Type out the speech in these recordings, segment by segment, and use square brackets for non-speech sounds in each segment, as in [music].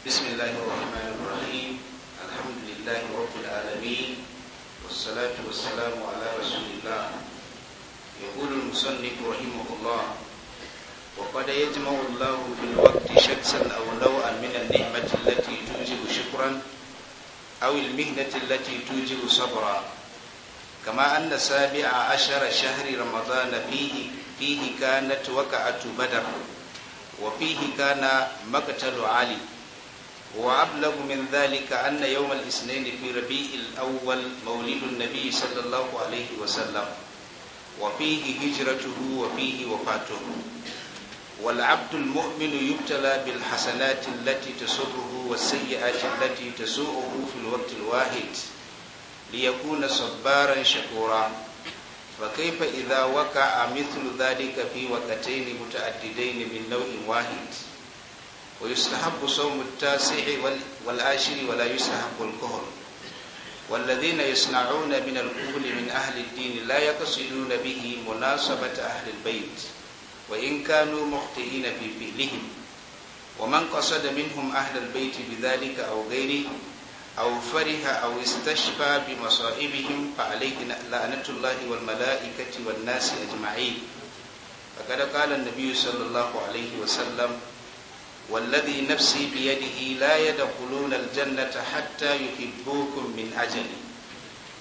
بسم الله الرحمن الرحيم الحمد لله رب العالمين والصلاة والسلام على رسول الله يقول المصنف رحمه الله وقد يجمع الله في الوقت شخصا أو نوعا من النعمة التي توجب شكرا أو المهنة التي توجب صبرا كما أن سابع عشر شهر رمضان فيه فيه كانت وقعة بدر وفيه كان مقتل علي وأبلغ من ذلك أن يوم الاثنين في ربيع الأول مولد النبي صلى الله عليه وسلم وفيه هجرته وفيه وفاته والعبد المؤمن يبتلى بالحسنات التي تسره والسيئات التي تسوءه في الوقت الواحد ليكون صبارا شكورا فكيف إذا وقع مثل ذلك في وقتين متعددين من نوع واحد ويستحب صوم التاسع والعاشر ولا يستحب الكهر والذين يصنعون من الكهل من أهل الدين لا يقصدون به مناسبة أهل البيت وإن كانوا مخطئين في فعلهم ومن قصد منهم أهل البيت بذلك أو غيره أو فرح أو استشفى بمصائبهم فعليه لعنة الله والملائكة والناس أجمعين فقد قال النبي صلى الله عليه وسلم والذي نفسي بيده لا يدخلون الجنة حتى يحبوكم من أجلي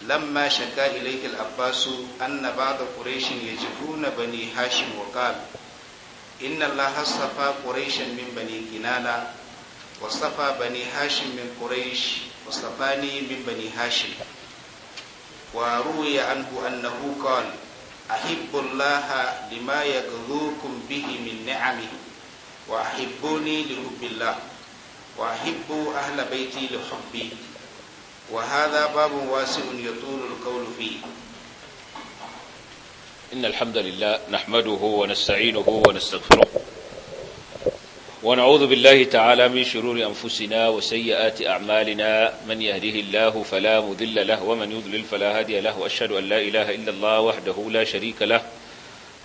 لما شكا إليه العباس أن بعض قريش يجبون بني هاشم وقال إن الله اصطفى قريشا من بني كنانة واصطفى بني هاشم من قريش واصطفاني من بني هاشم وروي عنه أنه قال أحب الله لما يغذوكم به من نعمه وأحبوني لحب الله واحبوا أهل بيتي لحبي وهذا باب واسع يطول القول فيه إن الحمد لله نحمده ونستعينه ونستغفره ونعوذ بالله تعالى من شرور أنفسنا وسيئات أعمالنا من يهده الله فلا مذل له ومن يضلل فلا هادي له وأشهد أن لا إله إلا الله وحده لا شريك له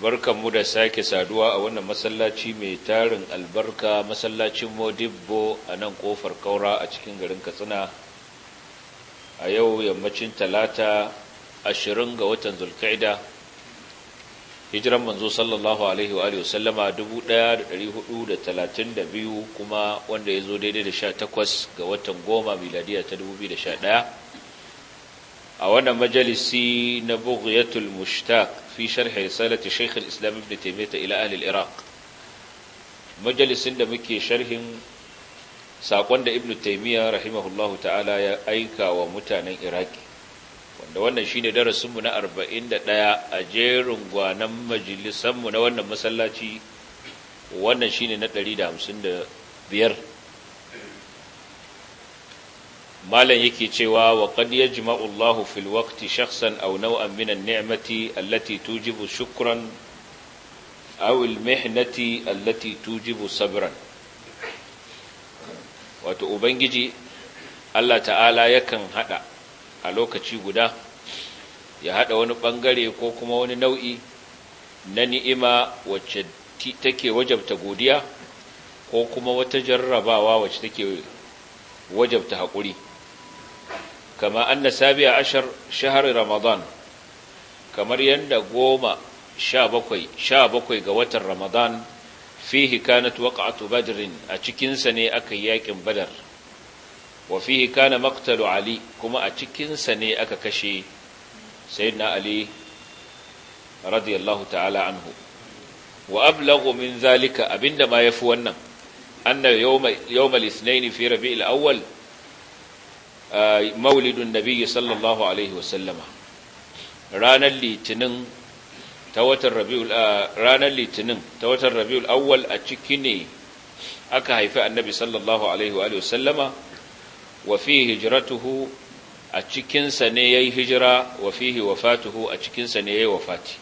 mu da sake saduwa a wannan masallaci mai tarin albarka masallacin modibbo a nan kofar kaura a cikin garin katsina a yau yammacin talata ashirin ga watan zulkaida hijiran manzo sallallahu alaihi wa sallama biyu kuma wanda ya zo daidai da sha takwas ga watan goma miladiya ta ɗaya. a wannan majalisi na bughyatul mushtaq fi sharh risalati shaykh al-islam ibn taymiyyah ila ahli al-iraq majalisin da muke sharhin sakon da ibn taymiyyah rahimahullahu ta'ala ya aika wa mutanen iraki wanda wannan shine darasinmu na 41 a jerin gwanan majalisanmu na wannan masallaci wannan shine na 155 malam yake cewa wa qad yajma'u Allah fil waqti shakhsan aw naw'an min an-ni'mati allati tujibu shukran aw al-mihnati allati tujibu sabran wato ubangiji Allah ta'ala yakan hada a lokaci guda ya hada wani bangare ko kuma wani nau'i na ni'ima wacce take wajabta godiya ko kuma wata jarrabawa wacce take wajabta haƙuri kama anna sabi'a ashar shahar ramadan kamar yanda goma sha bakwai sha bakwai ga watan ramadan fihi kanat waqa'atu badrin a cikinsa ne aka yi yakin badar wa fihi kana maqtalu ali kuma a cikinsa ne aka kashe sayyidina ali radiyallahu ta'ala anhu wa ablagu min zalika abinda ma yafi wannan anna yawma yawma ithnain fi rabi'il awwal maulidun nabi sallallahu alaihi wasallama ranar litinin ta watan rabiul ranar litinin ta watan rabiul awwal a ciki ne aka haifi annabi sallallahu alaihi wa sallama wa fi hijratuhu a cikin sa ne yayi hijira wa fihi wafatuhu a cikin sa ne yayi wafati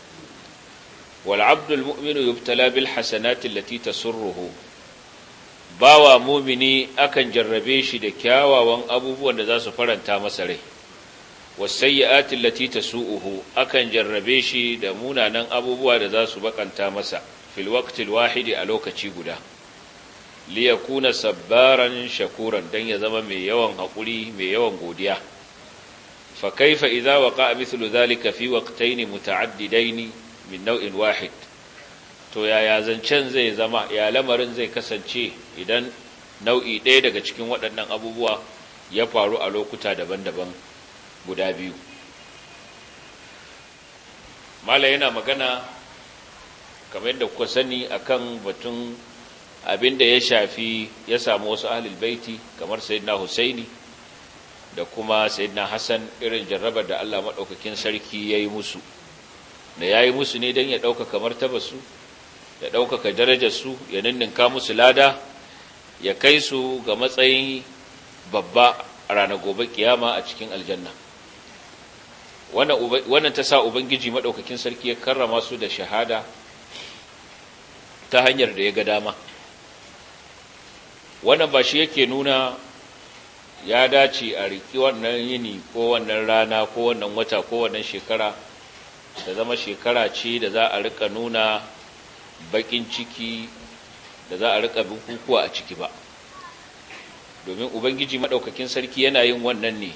wal abdul mu'minu yubtala bil hasanati allati tasurruhu bawa mumini akan jarrabe shi da kyawawan abubuwan da za su faranta masa rai wasayyi'ati allati tasu'uhu akan jarrabe shi da munanan abubuwa da za su bakanta masa fil waqti alwahid a lokaci guda liyakuna sabbaran shakuran dan ya zama mai yawan hakuri mai yawan godiya fa kaifa idza waqa'a mithlu dhalika fi waqtayn muta'addidayn min naw'in wahid to yaya zancen zai zama ya lamarin zai kasance idan nau'i ɗaya daga cikin waɗannan abubuwa ya faru a lokuta daban-daban guda biyu mala yana magana kamar yadda kuka sani akan batun abin da ya shafi ya samu wasu ahalil baiti kamar sayyidina husaini da kuma sayyidina hassan irin jarrabar da Allah maɗaukakin sarki ya yi musu da ya yi musu ne don ya ɗauka kamar tabasu ya ɗaukaka darajar su ya ninninka musu lada ya kai su ga matsayin babba a ranar gobe kiyama a cikin aljanna wannan ta sa ubangiji maɗaukakin sarki ya karrama su da shahada ta hanyar da ya ga dama wannan ba shi yake nuna ya dace a riki wannan yini ko wannan rana ko wannan wata ko wannan shekara da zama shekara ce da za a rika nuna bakin ciki da za a rika bukukuwa a ciki ba domin ubangiji madaukakin sarki yana yin wannan ne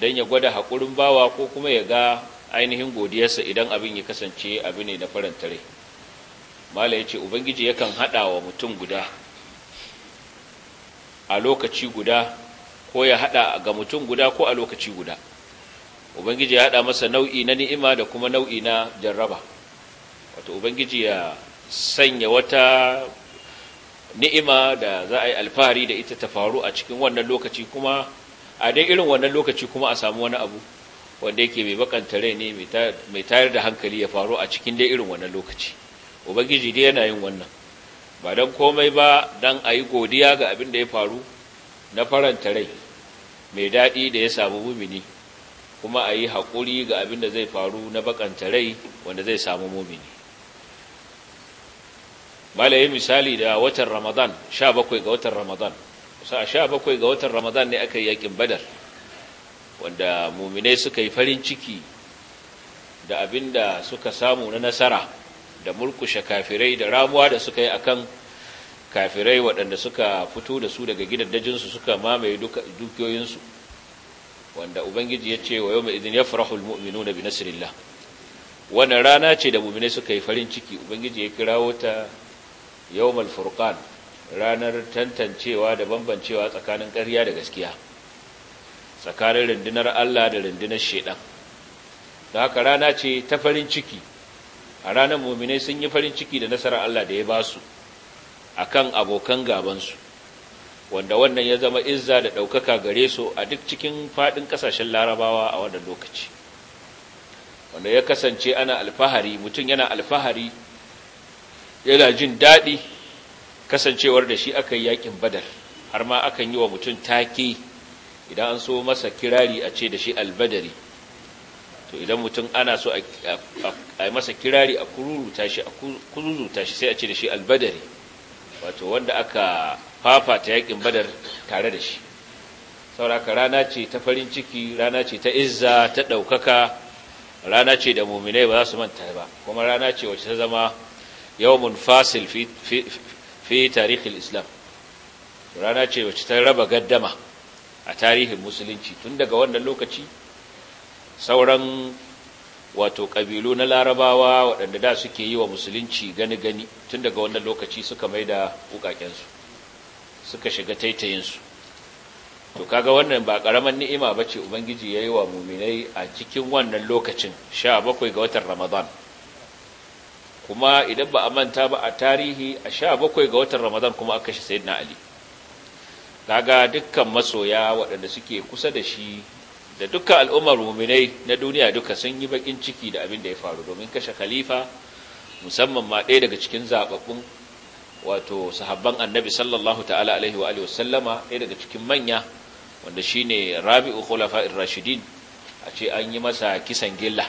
don ya gwada haƙurin bawa ko kuma ya ga ainihin godiyarsa idan abin ya kasance abu ne na faranta rai mala ya ce ubangiji yakan haɗa wa mutum guda a lokaci guda ko ya haɗa ga mutum guda ko a lokaci guda ubangiji ya haɗa masa nau'i na ni'ima da kuma nau'i na jarraba wato ubangiji ya sanya wata ni'ima da za a yi alfahari da ita ta faru a cikin wannan lokaci kuma a dai irin wannan lokaci kuma a samu wani abu wanda yake mai bakanta rai ne mai tayar da hankali ya faru a cikin dai irin wannan lokaci ubangiji dai yana yin wannan ba don komai ba don a yi godiya ga abin da ya faru na faranta rai mai daɗi da ya samu mumini kuma a yi haƙuri ga abin da zai faru na bakanta rai wanda zai samu mumini malaye misali da watan ramadan 17 ga watan ramadan sa 17 ga watan ramadan ne aka yi yakin badar wanda muminai suka yi farin ciki da abinda suka samu na nasara da murkushe kafirai da ramuwa da suka yi akan kafirai waɗanda suka fito da su daga gidaddajinsu suka mamaye dukiyoyinsu wanda ubangiji ya ce wa yau mai idin ya farahul mu'minu na binasirillah wannan rana ce da muminai suka yi farin ciki ubangiji ya kirawo ta Yau, Malfurkan, ranar tantancewa da bambancewa tsakanin ƙarya da gaskiya tsakanin rundunar Allah da rundunar shaidan. da haka rana ce ta farin ciki a ranar muminai sun yi farin ciki da nasarar Allah da ya ba su kan abokan gabansu wanda wannan ya zama izza da ɗaukaka gare su a duk cikin faɗin ƙasashen larabawa a wannan lokaci wanda ya kasance ana alfahari mutum yana alfahari yana jin daɗi kasancewar da shi aka yi yakin badar har ma akan yi wa mutum take idan an so masa kirari a ce da shi albadari to idan mutum ana so a yi masa kirari a kururuta shi sai a ce da shi albadari wato wanda aka fafa ta yakin badar tare da shi sauraka rana ce ta farin ciki rana ce ta izza ta ɗaukaka rana ce da muminai ba za su manta ba kuma rana ce wacce ta zama yawmun fasil fi tarihin islam rana ce wacce ta raba gaddama a tarihin musulunci tun daga wannan lokaci sauran wato ƙabilu na larabawa waɗanda da suke yi wa musulunci gani-gani tun daga wannan lokaci suka mai da wukakensu suka shiga taitayinsu to kaga wannan ba karaman ni'ima bace ubangiji ya yi wa mu'minai a cikin wannan lokacin 17 ga watan Ramadan kuma idan ba a manta ba a tarihi a sha bakwai ga watan ramadan kuma aka shi sayyidina ali kaga dukkan masoya waɗanda suke kusa da shi da dukkan al'ummar muminai na duniya duka sun yi bakin ciki da abin da ya faru domin kashe khalifa musamman ma ɗaya daga cikin zababbun wato sahabban annabi sallallahu ta'ala alaihi wa alihi wasallama ɗaya daga cikin manya wanda shine rabi'u khulafa'ir rashidin a ce an yi masa kisan gilla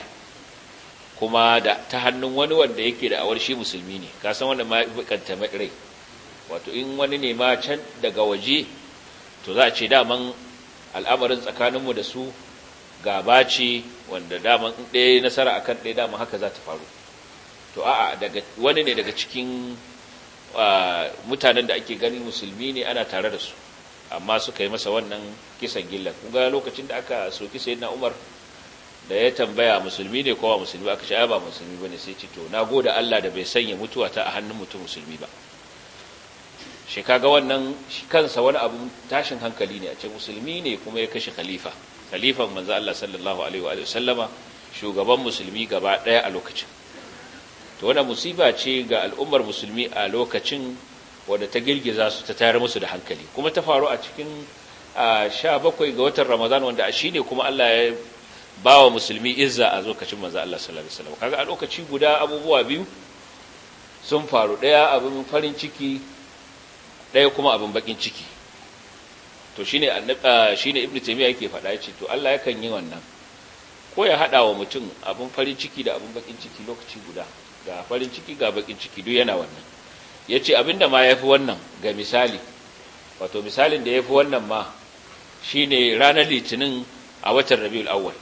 kuma da ta hannun wani wanda yake da awar shi musulmi ne ka san wanda ma bukanta rai wato in wani ne ma can daga waje to za a ce daman al'amarin tsakaninmu da su gaba ce wanda daman in ɗaya nasara akan ɗaya daman haka za ta faru to a'a daga wani ne daga cikin mutanen da ake ganin musulmi ne ana tare da su amma suka yi masa wannan kisan gillan kun ga lokacin da aka soki sayyidina Umar da ya tambaya musulmi ne kowa musulmi aka sha ba musulmi ba ne sai ce to na goda Allah da bai sanya mutuwa ta a hannun mutum musulmi ba shi kaga wannan shi kansa wani abu tashin hankali ne a ce musulmi ne kuma ya kashe khalifa khalifan manzo Allah sallallahu alaihi wa sallama shugaban musulmi gaba daya a lokacin to wannan musiba ce ga al'ummar musulmi a lokacin wanda ta girgiza su ta tayar musu da hankali kuma ta faru a cikin a 17 ga watan Ramadan wanda shi ne kuma Allah ya ba wa musulmi izza a lokacin manzo Allah sallallahu alaihi wasallam kaga a lokaci guda abubuwa biyu sun faru daya abin farin ciki daya kuma abin bakin ciki to shine shine ibnu taymiya yake faɗa yace to Allah yakan yi wannan ko ya hada wa mutum abin farin ciki da abin bakin ciki lokaci guda ga farin ciki ga bakin ciki duk yana wannan yace abinda ma yafi wannan ga misali wato misalin da yafi wannan ma shine ranar litinin a watan Rabiul Awwal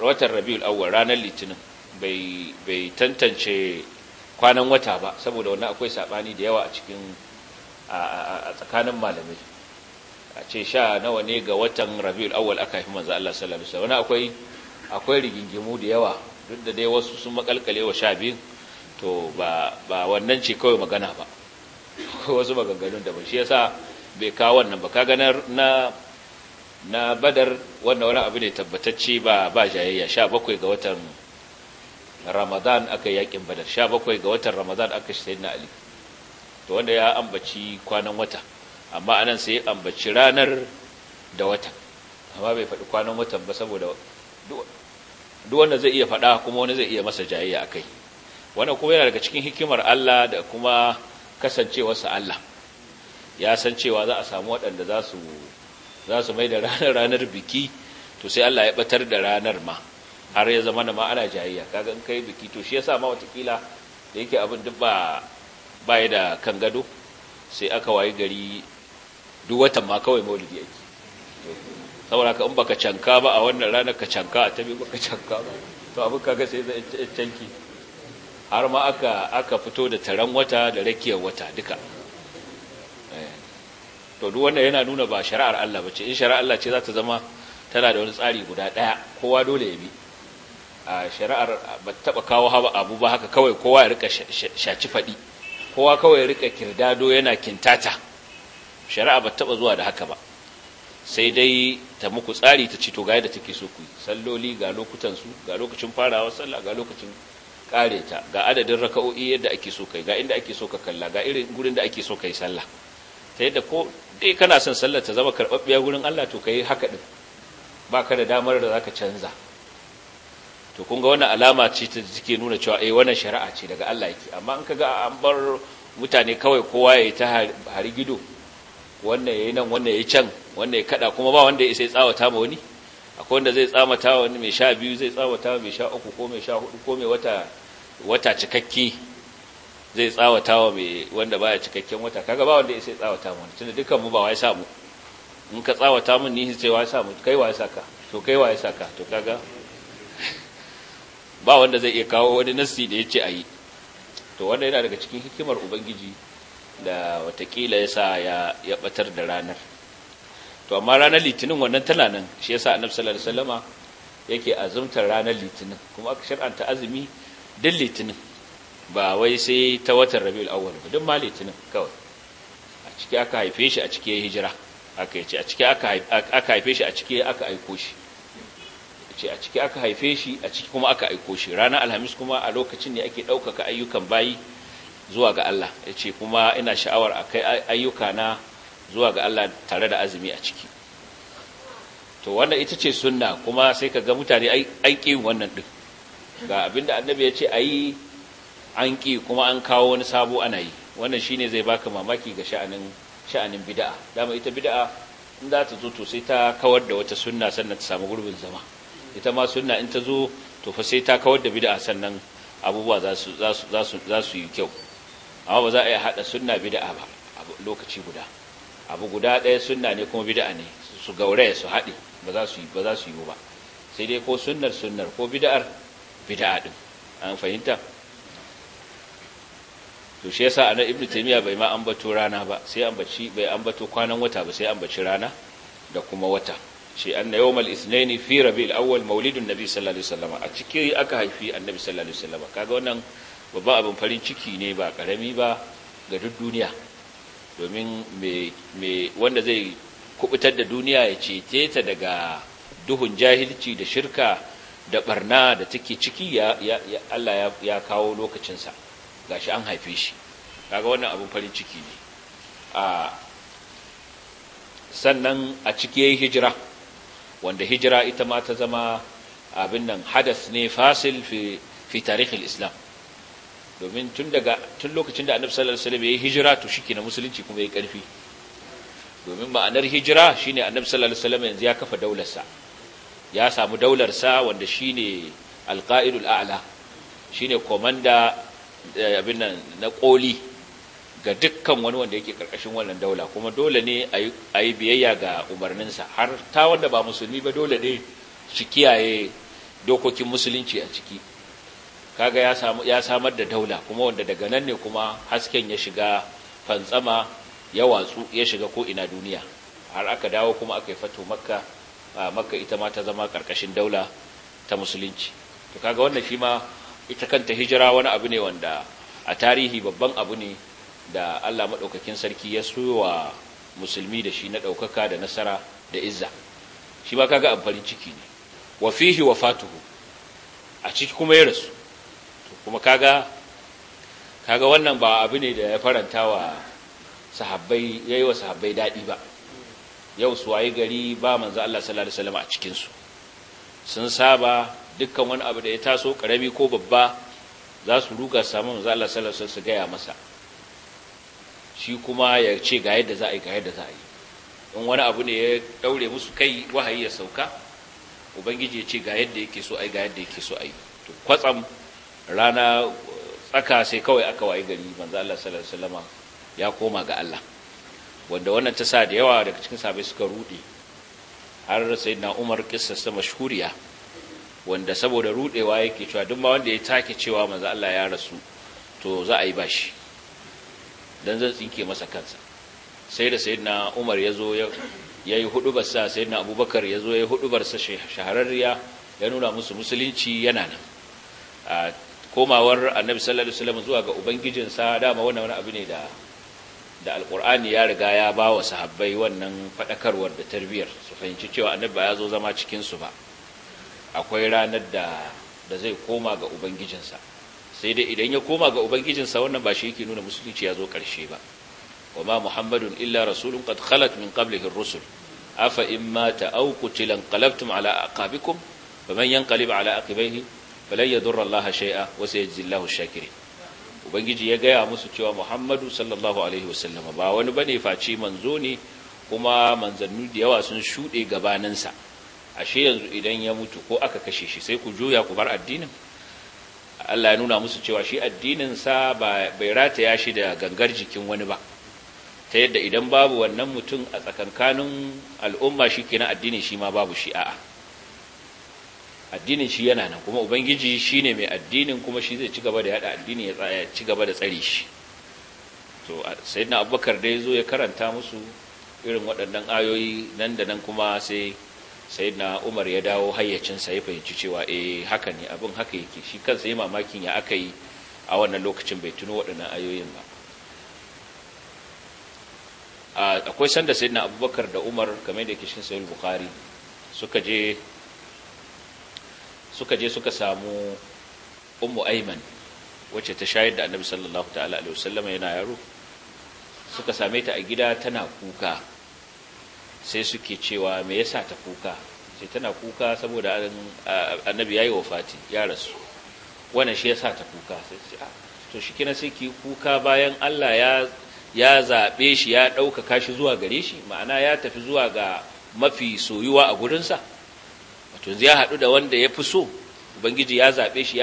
watan rabiul awwal ranar litinin bai bai tantance kwanan wata ba saboda wannan akwai sabani da yawa a cikin a tsakanin malamai a ce sha nawa ne ga watan rabiul awwal aka haifi manzo Allah sallallahu alaihi wasallam akwai akwai rigingimu da yawa duk da dai wasu sun makalkale wa sha biyu to ba ba wannan ce kawai magana ba akwai [laughs] wasu maganganun da ba shi yasa bai kawo wannan ba ka ganar na na badar wanda wani abu ne tabbatacce ba ba jayayya sha bakwai ga watan ramadan aka yakin badar sha bakwai ga watan ramadan aka shi sayi na ali to wanda ya ambaci kwanan wata amma anan sai ambaci ranar da watan amma bai faɗi kwanan watan ba saboda duk wanda zai iya faɗa kuma wani zai iya masa jayayya akai wannan kuma yana daga cikin hikimar Allah da kuma kasancewarsa Allah ya san cewa za a samu waɗanda za su za su mai da ranar ranar biki to sai Allah ya batar da ranar ma har ya zama da ma ana jayayya kaga in kai biki to shi yasa ma watakila da yake abin duk ba ba ya da kan gado sai aka wayi gari duk watan ma kawai maulidi yake saboda ka in baka canka ba a wannan ranar ka canka a tabi baka canka ba to abin kaga sai zai canki har ma aka aka fito da taron wata da rakiyar wata duka to duk wanda yana nuna ba shari'ar Allah bace in shari'ar Allah ce za ta zama tana da wani tsari guda daya kowa dole ya bi a shari'ar ba ta taba kawo haba abu ba haka kawai kowa ya rika shaci fadi kowa kawai ya rika kirdado yana kintata shari'a ba taba zuwa da haka ba sai dai ta muku tsari ta ci to ga yadda take so ku salloli ga lokutan su ga lokacin farawa sallah ga lokacin kare ta ga adadin raka'o'i yadda ake so kai ga inda ake so ka kalla ga irin gurin da ake so kai sallah ta yadda ko ɗai eh, kana son sallar ta zama karɓaɓɓiya wurin Allah to kai haka din ba ka da damar da zaka canza to kun ga wannan alama ce ta take nuna cewa eh wannan shari'a ce daga Allah yake amma in ka ga an bar mutane kawai kowa ya yi ta harigido wannan ya yi nan wannan yi can wannan ya kada kuma ba wanda ya sai tsawata ma wani akwai wanda zai tsamata wani mai sha biyu zai tsamata mai sha uku ko mai sha hudu ko mai wata wata cikakke zai tsawata wa mai wanda baya cikakken wata kaga ba wanda ya sai tsawata mu tunda dukkan mu ba wai samu in ka tsawata mun ni sai wai samu kai wai saka to kai wai saka to kaga ba wanda zai iya kawo wani nassi da yace ayi to wanda yana daga cikin hikimar ubangiji da watakila yasa ya ya batar da ranar to amma ranar litinin wannan tana nan shi yasa annabi sallallahu alaihi wasallama yake azumtar ranar litinin kuma aka shar'anta azumi din litinin ba wai sai ta watan rabiul awwal ba duk malitinin kawai a ciki aka haife shi a ciki hijira aka yace a ciki aka haife shi a ciki aka aiko shi yace a ciki aka haife shi a ciki kuma aka aiko shi ranar alhamis kuma a lokacin ne ake ɗaukaka ayyukan bayi zuwa ga Allah yace kuma ina sha'awar akai ayyuka na zuwa ga Allah tare da azumi a ciki to wanda ita ce sunna kuma sai ka ga mutane ai wannan din ga abinda annabi ya ce ayi an ƙi kuma an kawo wani sabo ana yi wannan shine zai baka mamaki ga sha'anin sha'anin bid'a dama ita bid'a in za ta zo to sai ta kawar da wata sunna sannan ta samu gurbin zama ita ma sunna in ta zo to fa sai ta kawar da bid'a sannan abubuwa za su za su za su za su yi kyau amma ba za a yi hada sunna bid'a ba lokaci guda abu guda ɗaya sunna ne kuma bid'a ne su gauraya su haɗe ba za su yi ba za su yi ba sai dai ko sunnar sunnar ko bid'ar bid'a din an fahimta to shi yasa anan ibnu taymiya bai ma ambato rana ba sai ambaci bai ambato kwanan wata ba sai ambaci rana da kuma wata shi anna yawmal ithnaini fi rabiul awwal maulidun nabi sallallahu alaihi wasallam a ciki aka haifi annabi sallallahu alaihi wasallam kaga wannan babban abin farin ciki ne ba karami ba ga duk duniya domin me me wanda zai kubutar da duniya ya cece ta daga duhun jahilci da shirka da barna da take ciki ya Allah ya kawo lokacinsa gashi an haife shi kaga wannan abin farin ciki ne a sannan a ciki yayi hijira wanda hijira ita ma ta zama abin nan hadas ne fasil fi fi tarihin islam domin tun daga tun lokacin da annabi sallallahu alaihi wasallam yayi hijira to shike na musulunci kuma yayi karfi domin ma'anar hijira shine annabi sallallahu alaihi wasallam yanzu ya kafa daularsa ya samu daularsa wanda shine alqaidul a'la shine komanda Eh, abin nan na koli ga dukkan wani wanda yake karkashin wannan daula kuma dole ne a yi biyayya ga umarnin sa har ta wanda ba musulmi ba dole ne su kiyaye dokokin musulunci a ciki kaga ya samu ya samar da daula kuma wanda daga nan ne kuma hasken ya shiga fantsama ya watsu ya shiga ko ina duniya har aka dawo kuma aka yi fato makka makka ita ma ta zama karkashin daula ta musulunci to kaga wannan shi ma ita kanta hijira wani abu ne wanda a tarihi babban abu ne da Allah maɗaukakin sarki ya wa musulmi da shi na ɗaukaka da nasara da izza shi ba kaga amfarin ciki ne wa fihi wa fatuhu a ciki kuma ya rasu kuma kaga kaga wannan ba abu ne da ya faranta wa sahabbai yayi wa sahabbai daɗi ba yau su waye gari ba manzo Allah sallallahu alaihi wasallam a cikin su sun saba dukkan wani abu da ya taso karami ko babba za su ruga samu manzo salasar su gaya masa shi kuma ya ce ga yadda za a yi ga yadda za a yi in wani abu ne ya daure musu kai wahayi ya sauka ubangiji ya ce ga yadda yake so ai ga yadda yake so ai to kwatsam rana eh, tsaka sai kawai aka wayi gari manzo Allah sallallahu alaihi wasallam ya koma ga Allah wanda wannan ta sa da yawa daga cikin sahabbai suka rude har sayyidina Umar kissa sa mashhuriya wanda saboda rudewa yake cewa duk ma wanda ya take cewa manzo Allah ya rasu to za a yi bashi dan zan tsinke masa kansa sai da sayyidina Umar yazo ya yayi hudubar sa sayyidina Abubakar yazo yayi hudubar sa shahararriya ya nuna musu musulunci yana nan a komawar Annabi sallallahu alaihi wasallam zuwa ga ubangijinsa dama wannan wani abu ne da da alkur'ani ya riga ya ba wa sahabbai wannan fadakarwar da tarbiyyar su fahimci cewa annabi ba ya zo zama cikin su ba akwai ranar da da zai koma ga ubangijinsa sai dai idan ya koma ga ubangijinsa wannan ba shi yake nuna musulunci ya zo ƙarshe ba kuma muhammadun illa rasulun qad khalat min qablihi ar-rusul afa in mata aw qutila qalabtum ala aqabikum faman yanqalib ala aqibaihi falan yadurra Allah shay'a wa sayajzi Allahu shakirin ubangiji ya gaya musu cewa muhammadu sallallahu alaihi wasallam ba wani bane face manzo ne kuma manzannu da yawa sun shuɗe gabaninsa ashe yanzu idan ya mutu ko aka kashe shi sai ku juya ku bar addinin Allah ya nuna musu cewa shi addinin sa ba bai rataya shi da gangar jikin wani ba ta yadda idan babu wannan mutum a tsakankanin al'umma shi na addinin shi ma babu shi a'a addinin shi yana nan kuma ubangiji shi ne mai addinin kuma shi zai ci gaba da yada addini ya tsaya ci gaba da tsari shi to sayyidina abubakar dai zo ya karanta musu irin waɗannan ayoyi nan da nan kuma sai sai na Umar ya dawo hayyacinsa ya fahimci cewa eh haka ne abin haka yake shi kansa ya mamakin ya aka yi a wannan lokacin bai tuno waɗannan ayoyin ba akwai sanda sai na Abubakar da Umar game da kishin cikin bukari suka je suka je suka samu umu Ayman wacce ta shayar da Annabi sallallahu ta'ala alaihi wasallama yana yaro suka same ta a gida tana kuka sai suke cewa me yasa ta kuka Sai tana kuka saboda annabi yayi Fati ya rasu wannan shi yasa ta kuka sai ce ah, to shi kina sai ki kuka bayan Allah ya ya zabe shi ya dauka kashi zuwa gare shi ma'ana ya tafi zuwa ga mafi soyuwa a gurinsa wato ya haɗu da wanda ya fi so ubangiji ya zaɓe shi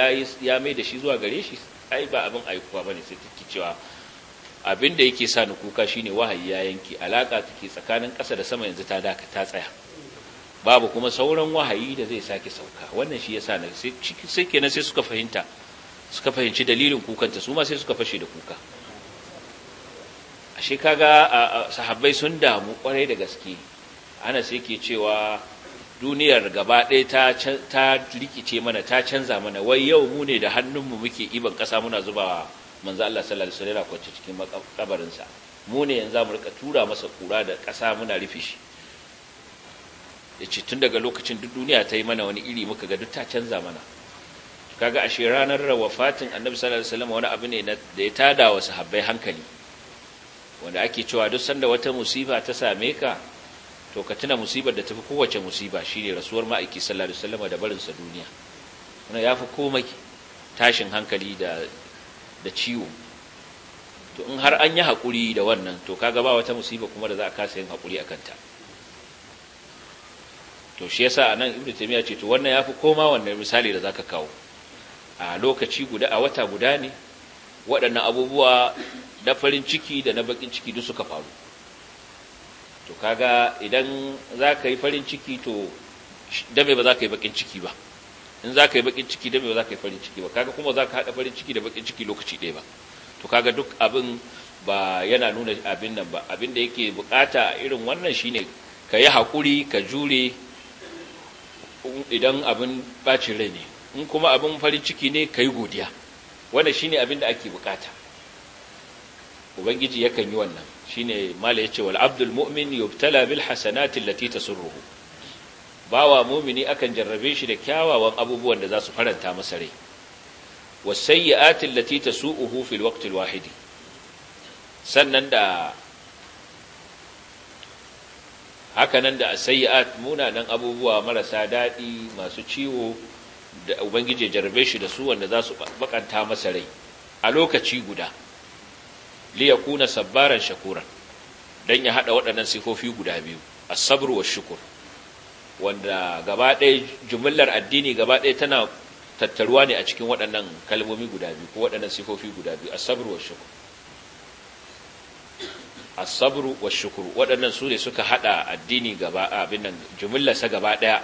ya mai da shi zuwa gare shi ai ba abin aikuwa ba ne sai take cewa abin da yake sa ni kuka shine wahayi ya yanke alaka take tsakanin ƙasa da sama yanzu ta daka ta tsaya babu kuma sauran wahayi da zai sake sauka wannan shi yasa na sai kenan sai suka fahimta suka fahimci dalilin kukanta su ma sai suka fashe da kuka ashe kaga sahabbai sun damu kwarai da gaske ana sai ke cewa duniyar gaba ɗaya ta ta rikice mana ta canza mana wai yau mu ne da hannunmu muke iban ƙasa muna zubawa manzo Allah sallallahu alaihi wasallam kwace cikin kabarin sa mu ne yanzu mu rika tura masa kura da ƙasa muna rufe shi yace tun daga lokacin duk duniya ta yi mana wani iri muka ga duk ta canza mana kaga ashe ranar rawafatin annabi sallallahu alaihi wasallam wani abu ne da ya tada wasu habbai hankali wanda ake cewa duk sanda wata musiba ta same ka to ka tuna musibar da tafi kowace musiba shine rasuwar ma'aiki sallallahu alaihi wasallam da barin sa duniya wannan yafi komai tashin hankali da da ciwo to in har an yi haƙuri da wannan to kaga ba wata musiba kuma da za a kasa yin haƙuri a kanta to shi yasa anan ibnu taymiya ce to wannan yafi koma wannan misali da zaka kawo a lokaci guda a wata guda ne waɗannan abubuwa na farin ciki da na bakin ciki duk suka faru to kaga idan zaka yi farin ciki to dame ba ka yi bakin ciki ba in za ka yi bakin ciki da ba za ka yi farin ciki ba kaga kuma za ka haɗa farin ciki da bakin ciki lokaci ɗaya ba to kaga duk abin ba yana nuna abin nan ba abin da yake bukata a irin wannan shine ka yi haƙuri ka jure idan abin bacin rai ne in kuma abin farin ciki ne ka yi godiya wannan shine abin da ake bukata ubangiji yakan yi wannan shine mala ce wal abdul mu'min yubtala bil hasanati sun tasurruhu bawa mumini akan jarrabe shi da kyawawan abubuwan da za su faranta masa rai wasayyi'atil lati tasu'uhu fil waqtil wahidi sannan da nan da muna munanan abubuwa marasa dadi masu ciwo da ubangije jarrabe shi da su wanda za su bakanta masa rai a lokaci guda li yakuna sabbaran shakuran dan ya hada waɗannan sifofi guda biyu as-sabr shukur. shukr wanda gaba ɗaya jumillar addini gaba ɗaya tana tattaruwa ne a cikin waɗannan kalmomi guda biyu ko waɗannan sifofi guda biyu a sabru wa shukuru a sabru wa shukuru waɗannan su ne suka haɗa addini gaba abin nan jumillar sa gaba ɗaya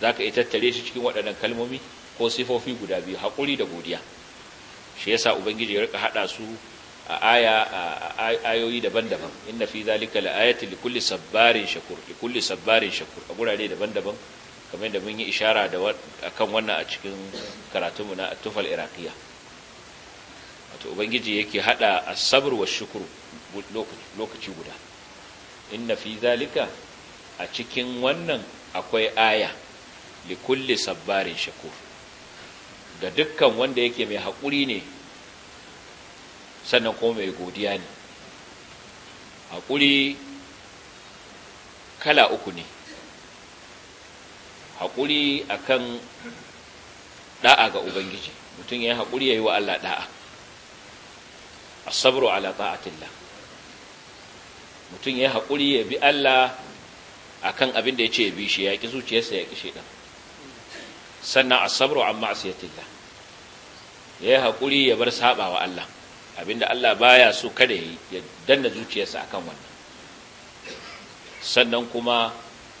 za ka yi tattare shi cikin waɗannan kalmomi ko sifofi guda biyu haƙuri da godiya shi yasa ubangiji ya rika haɗa su a aya ayoyi daban-daban inna fi zalika laayatin likulli sabbarin shakur likulli sabbarin shakur a gurare daban-daban kamar yadda mun yi ishara da akan wannan a cikin karatunmu na tufal iraqiya wato ubangiji yake hada as-sabr wa Shukr lokaci guda inna fi zalika a cikin wannan akwai aya likulli sabbarin shakur ga dukkan wanda yake mai haƙuri ne sannan kuma mai godiya ne haƙuri kala uku ne haƙuri akan da'a ga ubangiji mutum ya haƙuri ya yi wa Allah da'a asabru ala ta'atillah mutum ya haƙuri ya bi Allah akan abin da ya ce ya bi shi ya ƙi zuciyarsa ya ƙi shaidan sannan asabru an ma'asiyatillah ya yi haƙuri ya bar saɓa wa Allah abinda Allah baya so kada yi ya danna zuciyarsa akan wannan sannan kuma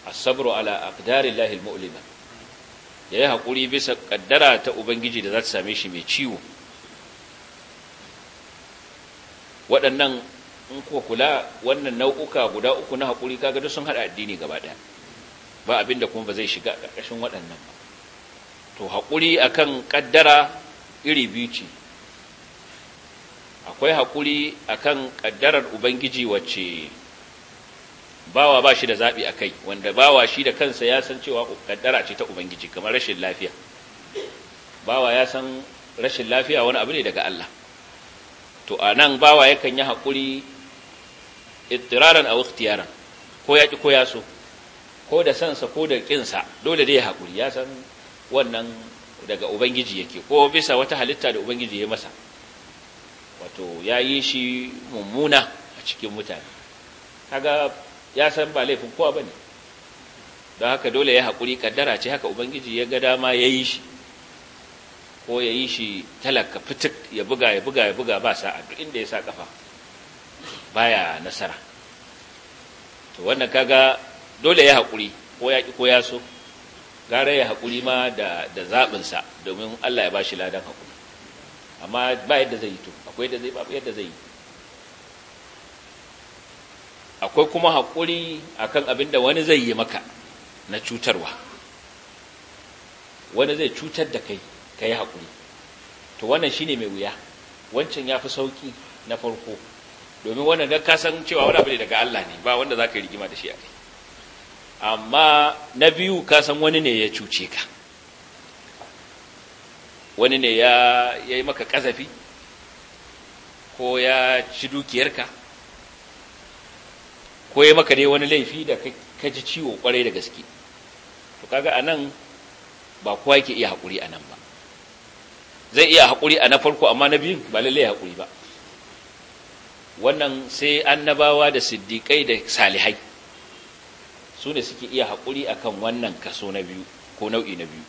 as-sabru ala aqdarillahi al-mu'lima yayi hakuri bisa kaddara ta ubangiji da za ta same shi mai ciwo waɗannan in ku kula wannan nau'uka guda uku na hakuri kaga duk sun hada addini gaba ɗaya ba abinda kuma ba zai shiga ƙarƙashin waɗannan ba to hakuri akan kaddara iri biyu ce akwai haƙuri akan ƙaddarar ubangiji wacce bawa ba shi da zaɓi a kai wanda bawa shi da kansa ya san cewa ƙaddara ce ta ubangiji kamar rashin lafiya bawa ya san rashin lafiya wani abu ne daga Allah to a nan bawa yakan yi haƙuri ittiraran a ikhtiyaran ko ya ƙi ko ya so ko da sansa ko da ƙinsa dole dai ya haƙuri ya san wannan daga ubangiji yake ko bisa wata halitta da ubangiji ya masa wato ya yi shi mummuna a cikin mutane kaga ya san ba laifin kowa bane don haka dole ya haƙuri kaddara ce haka ubangiji ya ga dama ya yi shi ko ya yi shi talaka fitik ya buga ya buga ya buga ba sa'a duk inda ya sa kafa baya nasara to wannan kaga dole ya haƙuri ko ya ƙi ko ya so gara ya haƙuri ma da zaɓinsa domin Allah ya ba shi ladan haƙuri amma ba yadda zai yi to akwai yadda zai babu yadda zai yi akwai kuma haƙuri akan abin da wani zai yi maka na cutarwa wani zai cutar da kai ka yi haƙuri to wannan shine mai wuya wancan ya fi sauƙi na farko domin wannan da ka san cewa wani abu ne daga Allah ne ba wanda za ka yi rigima da shi a kai amma na biyu ka san wani ne ya cuce ka wani ne ya yi maka ƙazafi ko ya ci dukiyarka ko ya maka dai wani laifi da ka ji ciwo kwarai da gaske to kaga anan ba kowa yake iya haƙuri nan ba zai iya haƙuri a na farko amma na biyun ba lallai haƙuri ba wannan sai annabawa da siddiƙai da salihai su ne suke iya haƙuri akan wannan kaso na biyu ko nau'i na biyu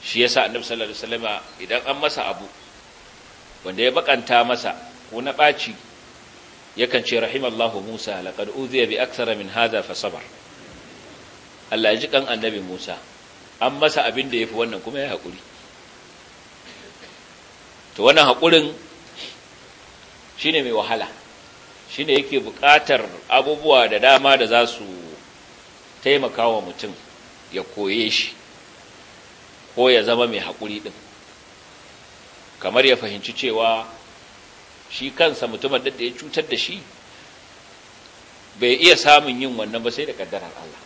shi yasa annabi sallallahu alaihi wasallama idan an masa abu wanda ya bakanta masa ko na ɓaci yakan ce rahimallahu Musa laqad uziya bi aksara min hadha fa sabar Allah ya ji kan annabi Musa an masa abin da yafi wannan kuma ya hakuri to wannan hakurin shine mai wahala shine yake buƙatar abubuwa da dama da za su taimaka wa mutum ya koye shi ko ya zama mai haƙuri ɗin kamar ya fahimci cewa shi kansa mutumin da ya cutar da shi bai iya samun yin wannan ba sai da kaddarar Allah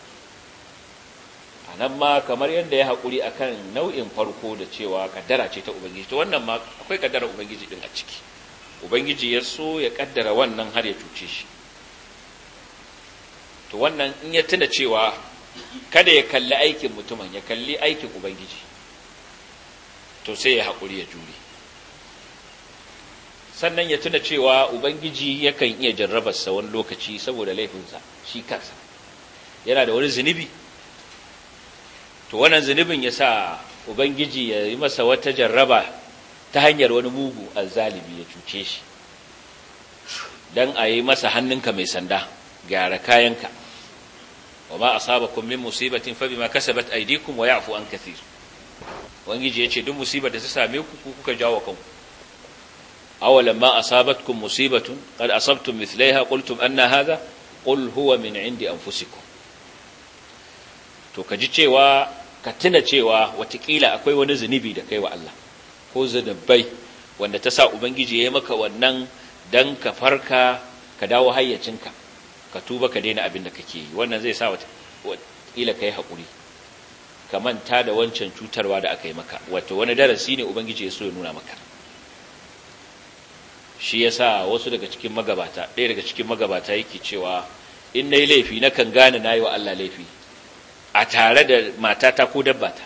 a nan ma kamar yadda ya haƙuri a kan nau'in farko da cewa kaddara ce ta ubangiji ta wannan ma akwai kaddara ubangiji ɗin a ciki ubangiji ya so ya kaddara wannan har ya cuce shi to wannan in ya tuna cewa kada ya kalli aikin mutumin ya kalli aikin ubangiji to sai ya haƙuri ya jure sannan ya tuna cewa ubangiji yakan iya jarrabarsa wani lokaci saboda laifinsa shi kansa yana da wani zunubi to wannan zunubin ya sa ubangiji ya yi masa wata jarraba ta hanyar wani mugu alzalibi ya cuce shi don a yi masa hannunka mai sanda gyara kayanka wa ma asabakum min musibatin fa bima kasabat aydikum wa ya'fu an kathir ubangiji ya ce duk musibar da ta same ku kuka jawo kanku awalan ma asabatkum musibatun qad asabtum mithlaiha qultum haza hadha qul huwa min indi anfusikum to kaji cewa ka tuna cewa watakila akwai wani zunubi da kai wa Allah ko zunubai wanda ta sa ubangiji ya yi maka wannan dan ka farka ka dawo hayyacinka ka tuba ka daina abin da kake yi wannan zai sa watakila yi hakuri ka manta da wancan cutarwa da aka yi maka wato wani darasi ne ubangiji ya so ya nuna maka shi yasa wasu daga cikin magabata ɗaya daga cikin magabata yake cewa in nayi laifi na kan gane na yi wa Allah laifi a tare da matata ko dabbata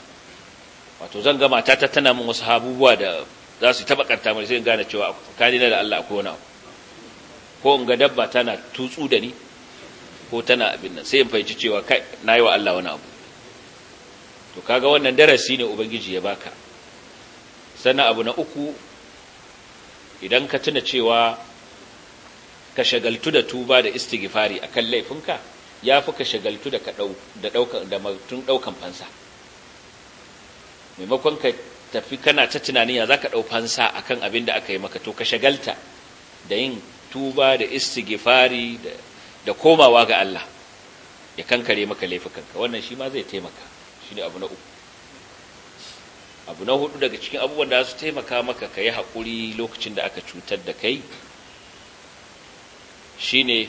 wato zan ga matata tana min wasu abubuwa da za su taba karta mai sai in gane cewa tsakanina da Allah ko wani abu ko in ga dabba tana tutsu da ni ko tana abin nan sai in fahimci cewa kai na yi wa Allah wani abu to kaga wannan darasi ne ubangiji ya baka sannan abu na uku idan ka tuna cewa ka shagaltu da tuba da istighfari akan laifinka ya fi ka shagaltu da da ɗaukan fansa maimakon ka tafi kana ta tunanin ya za ka ɗau fansa akan abin da aka yi maka to ka shagalta da yin tuba da istighfari da komawa ga Allah ya kankare maka laifukanka wannan shi ma zai taimaka shi ne abu na uku abu na hudu daga cikin abubuwan da su taimaka maka ka yi haƙuri lokacin da aka cutar da kai shine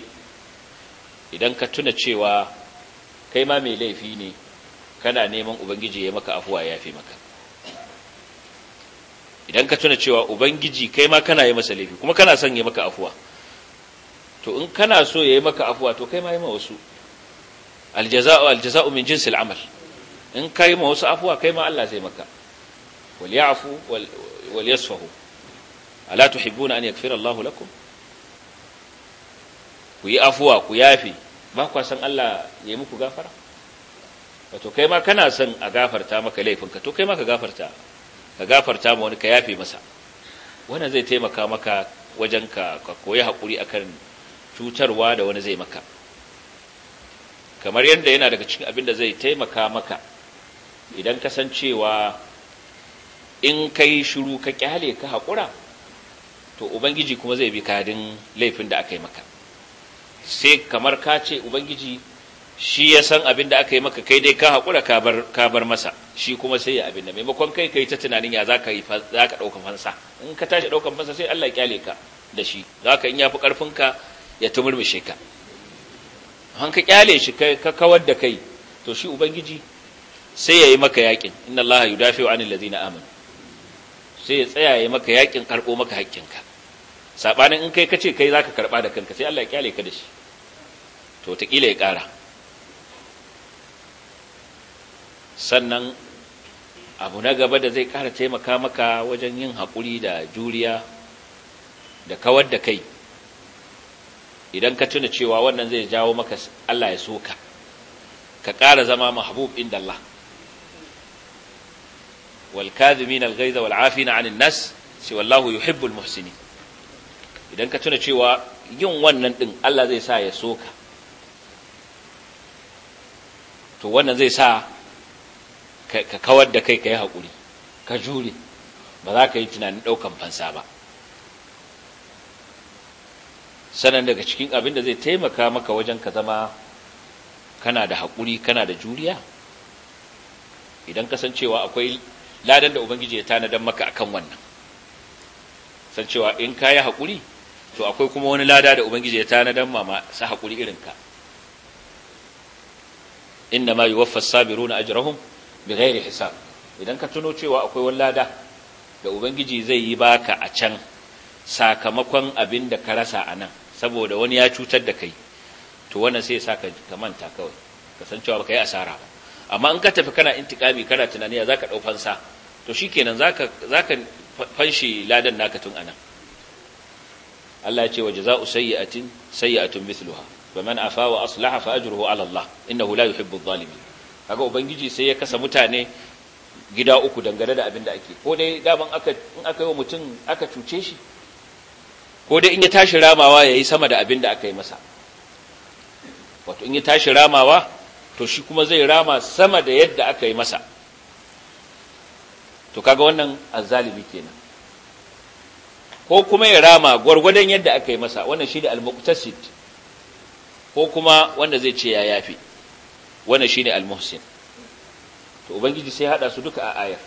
idan ka tuna cewa kai ma mai laifi ne kana neman ubangiji ya maka afuwa ya fi maka idan ka tuna cewa ubangiji kai ma kana yi masa laifi kuma kana son ya maka afuwa to in kana so ya yi maka afuwa to kai ma yi ma wasu aljaza'u aljaza'u min jinsil amal in kai ma wasu afuwa kai ma Allah zai maka wal ya'fu wal yasfahu ala tuhibbuna an yaghfira Allahu lakum ku yi afuwa ku yafi ba kwa san Allah ya yi muku gafara wato kai ma kana son a gafarta maka laifinka to kai ma ka gafarta ka gafarta ma wani ka yafe masa Wani zai taimaka maka wajenka ka ka koyi hakuri akan cutarwa da wani zai maka kamar yadda yana daga cikin abin da zai taimaka maka idan kasancewa in kai shiru ka kyale ka haƙura to ubangiji kuma zai bi kadin laifin da aka yi maka sai kamar ka ce ubangiji shi ya san abin da aka yi maka kai dai ka haƙura ka bar masa shi kuma sai ya abin da maimakon kai kai ta tunanin ya za ka ɗaukan fansa in ka tashi ɗaukan fansa sai Allah kyale ka da shi za ka in ya fi ƙarfinka ya ta murmushe ka an ka kyale shi ka kawar da kai to shi ubangiji sai ya yi maka yaƙin inna allaha yudafi wa anil ladina amanu sai ya tsaya ya maka yakin karbo maka hakkinka sabanin in kai kace kai zaka karba da kanka sai Allah ya kyale ka da shi to kila ya kara sannan abu na gaba da zai kara taimaka maka wajen yin haƙuri da juriya da kawar da kai idan ka tuna cewa wannan zai jawo maka Allah ya so ka ka ƙara zama mahbub inda Allah wal kadhimin al ghaiza wal afina 'anil nas shi wallahu yuhibbul muhsini. idan ka tuna cewa yin wannan ɗin Allah zai sa ya soka to wannan zai sa ka kawar da kai ka yi haƙuri ka jure ba za ka yi tunanin ɗaukan fansa ba sanan daga cikin abin da zai taimaka maka wajen ka zama kana da haƙuri kana da juriya idan cewa akwai ladan da ubangiji ya tanadan maka akan wannan san cewa in ka yi haƙuri to akwai kuma wani lada da ubangiji ya tanadan mama sa haƙuri irin ka inna ma yuwaffas sabiruna ajrahum bighairi hisab idan ka tuno cewa akwai wani lada da ubangiji zai yi baka a can sakamakon abin da ka rasa a nan saboda wani ya cutar da kai to wannan sai ya saka ka manta kawai kasancewa ka yi asara ba amma in ka tafi kana intikami kana tunani ya zaka dau fansa to shikenan zaka zaka fanshi ladan naka tun anan Allah ya ce wa jazaa'u sayyi'atin sayyi'atun mithluha man afa wa aslaha fa ajruhu ala Allah innahu la yuhibbu adh-dhalimin kaga ubangiji sai ya kasa mutane gida uku dangane da abin da ake ko dai daman aka in aka yi wa mutum aka cuce shi ko dai in ya tashi ramawa yayi sama da abin da aka yi masa wato in ya tashi ramawa to shi kuma zai rama sama da yadda aka yi masa to kaga wannan azzalimi kenan ko kuma ya rama gwargwadon yadda aka yi masa wannan shi da almuqtasid ko kuma wanda zai ce ya yafi wannan shi ne almuhsin to ubangiji sai hada su duka a ayar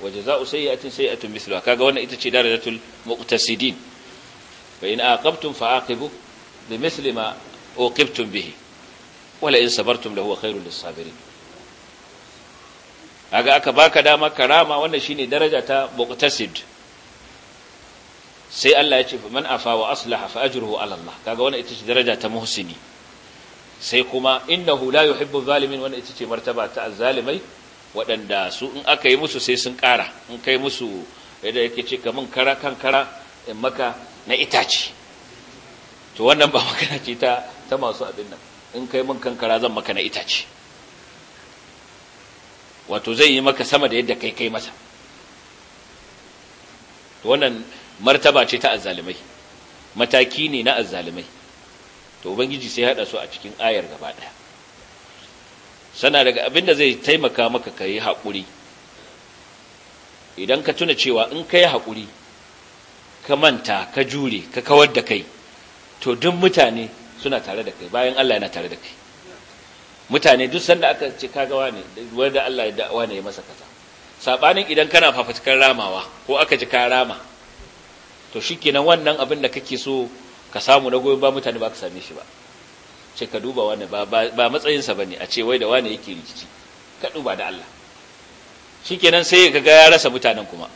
wa jaza'u sayyi'atin sayyi'atun mithluha kaga wannan ita ce darajatul muqtasidin fa in aqabtum da bimithli ma uqibtum bihi wala in sabartum lahu khairul lisabirin kaga aka baka dama karama wannan shine daraja ta muqtasid sai Allah ya ce man afa wa aslaha fa ajruhu ala Allah kaga wannan ita ce daraja ta muhsini sai kuma innahu la yuhibbu zalimin wannan ita ce martaba ta azzalimai waɗanda su in aka yi musu sai sun kara in kai musu yadda yake ce ka mun kara kan kara in maka na itaci to wannan ba [laughs] magana ce ta ta masu abin nan in kai min kankara zan maka na itace wato zai yi maka sama da yadda kai kai masa wannan martaba ce ta azzalumai, mataki ne na azzalumai, to ubangiji sai hada su a cikin ayar gaba ɗaya, sana daga abinda zai taimaka maka kai haƙuri idan ka tuna cewa in ka yi haƙuri ka manta ka jure ka kawar da kai to duk mutane suna tare da kai bayan Allah yana tare da kai mutane duk sanda aka ce kaga wane wanda Allah ya da wane ya masa kaza sabanin idan kana fafatukan ramawa ko aka ji ka rama to shikenan wannan abin da kake so ka samu na goyon ba mutane ba ka same shi ba ce ka duba wani ba ba matsayinsa bane a ce wai da wani yake rikici ka duba da Allah shikenan sai ka ga ya rasa mutanen kuma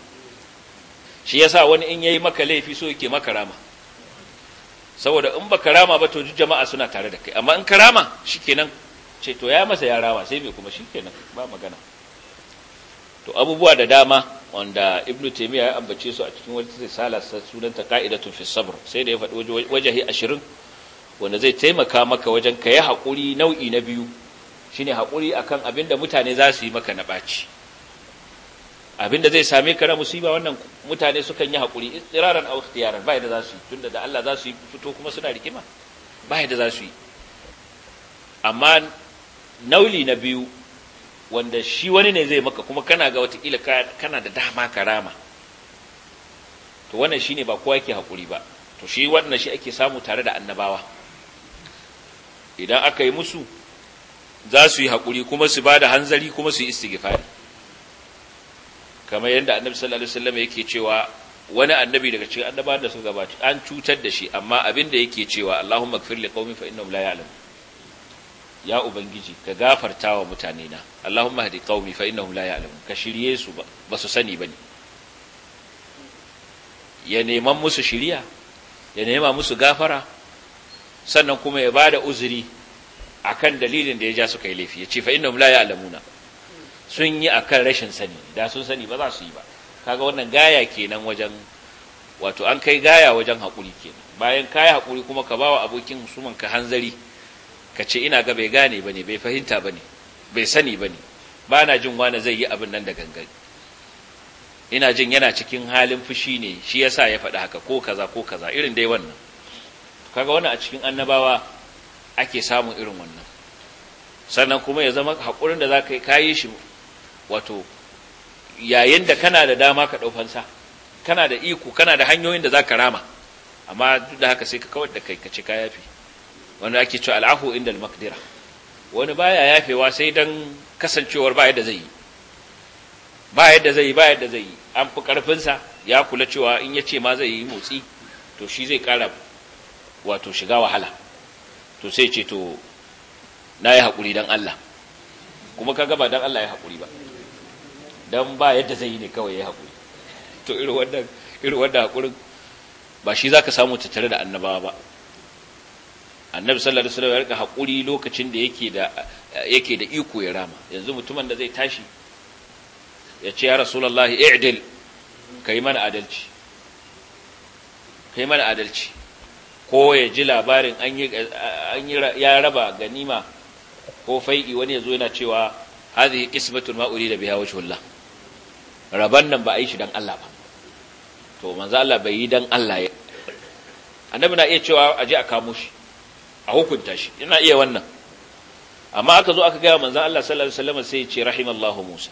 shi yasa wani in yayi maka laifi so yake maka rama saboda in baka rama ba to jama'a suna tare da kai amma in karama shikenan ce to ya masa ya rama sai me kuma shikenan ba magana to abubuwa da dama wanda ibn taimiyya ya ambace su a cikin wata risala sunanta qa'idatun fi sabr sai da ya faɗi wajahi ashirin wanda zai taimaka maka wajen ka yi haƙuri nau'i na biyu shine haƙuri akan abin da mutane za su yi maka na ɓaci abinda zai same ka na musiba wannan mutane sukan yi haƙuri istiraran a ikhtiyaran ba yadda za su yi tunda da Allah za su yi fito kuma suna rikima ba yadda za su yi amma nauli na biyu wanda shi wani ne zai maka kuma kana ga watakila kana da dama karama to wannan shine ba kowa yake haƙuri ba to shi wannan shi ake samu tare da annabawa idan aka yi musu za su yi haƙuri kuma su ba da hanzari kuma su yi istighfari kamar yadda annabi sallallahu alaihi wasallam yake cewa wani annabi daga cikin annabawan da suka gabata an cutar da shi amma abin da yake cewa Allahumma ighfir li qaumi fa innahum la ya'lamun ya ubangiji ka gafarta wa mutane na Allahumma hadi qaumi fa innahum la ya'lamun ka shirye su ba su sani bane ya neman musu shiriya ya nema musu gafara sannan kuma ya bada uzuri akan dalilin da ya ja suka yi laifi ya ce fa innahum la ya'lamuna sun yi a kan rashin sani da sun sani ba za su yi ba kaga wannan gaya kenan wajen wato an kai gaya wajen haƙuri kenan bayan kayi haƙuri kuma ka bawa abokin musamman ka hanzari ka ce ina ga bai gane bane bai fahimta bane bai sani bane ba na jin wani zai yi abin nan da gangan ina jin yana cikin halin fushi ne shi yasa ya faɗi haka ko kaza ko kaza irin dai wannan kaga wannan a cikin annabawa ake samun irin wannan sannan kuma ya zama haƙurin da za ka yi kayi shi wato yayin da kana da dama ka ɗau fansa kana da iko kana da hanyoyin da za ka rama amma duk da haka sai ka kawar da kai ka ce ka yafe wanda ake cewa al'ahu inda al-maqdira wani baya yafewa sai dan kasancewar ba yadda zai yi ba yadda zai yi ba yadda zai yi an fi sa ya kula cewa in ya ce ma zai yi motsi to shi zai kara wato shiga wahala to sai ce to na yi haƙuri don Allah kuma kaga ba don Allah ya haƙuri ba dan ba yadda zai yi ne kawai ya haƙuri to irin wannan irin wannan haƙurin ba shi zaka samu tattare da annabawa ba annabi sallallahu alaihi wasallam ya rika haƙuri lokacin da yake da yake da iko ya rama yanzu mutumin da zai tashi ya ce ya rasulullahi i'dil kai mana adalci kai mana adalci ko ya ji labarin an yi an yi ya raba ganima ko fai'i wani yazo yana cewa hadhihi qismatun ma urida biha wajhullah raban nan ba a yi shi dan Allah ba to manzo Allah bai yi dan Allah ya annabi na iya cewa aje a kamo shi a hukunta shi yana iya wannan amma aka zo aka gaya manzo Allah sallallahu alaihi wasallam sai ya ce rahimallahu Musa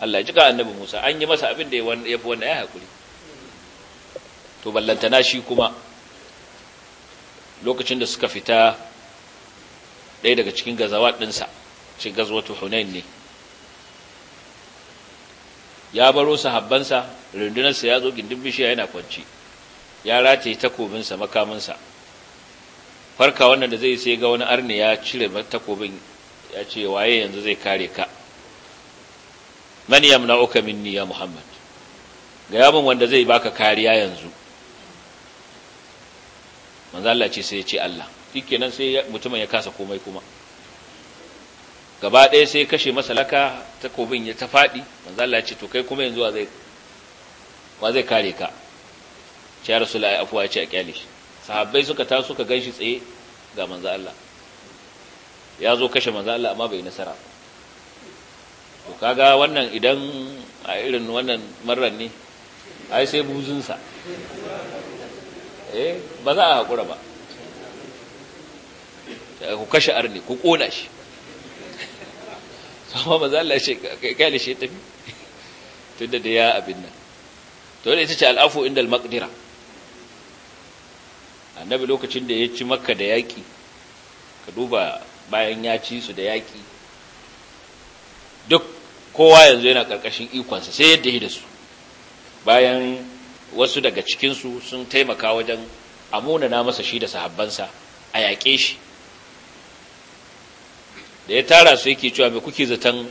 Allah ya jika annabi Musa an yi masa abin da ya wanda ya fi wanda ya hakuri to ballantana shi kuma lokacin da suka fita ɗaya daga cikin gazawa ɗinsa cikin ta Hunain ne ya baro sahabbansa rundunarsa ya zo gindin bishiya yana kwanci ya rataye takobinsa makaminsa farka wannan da zai sai ga wani arni ya cire takobin ya ce waye yanzu zai kare ka man yamna'uka minni ya muhammad ga wanda zai baka kariya yanzu manzo Allah ce sai ya ce Allah shikenan sai mutumin ya kasa komai kuma gaba ɗaya sai kashe masa laka takobin ya ta faɗi manzo Allah ya ce to kai kuma yanzu wa zai wa zai kare ka ya rasulullahi afuwa ce a kyale shi sahabbai suka ta suka ganshi tsaye ga manzo Allah ya zo kashe manzo Allah amma bai nasara to kaga wannan idan a irin wannan marar ne ai sai buzunsa eh ba za a haƙura ba ku kashe arni ku ƙona shi sama za a shi kai shi tafi Tun da ya abin nan to ne ita ce al'afu inda al-maqdira annabi lokacin da ya ci makka da yaki ka duba bayan ya ci su da yaƙi. duk kowa yanzu yana ƙarƙashin ikonsa sai yadda yi da su bayan wasu daga cikinsu sun taimaka wajen amuna na masa shi da sahabbansa a yaƙe shi da ya tara su yake cewa me kuke zaton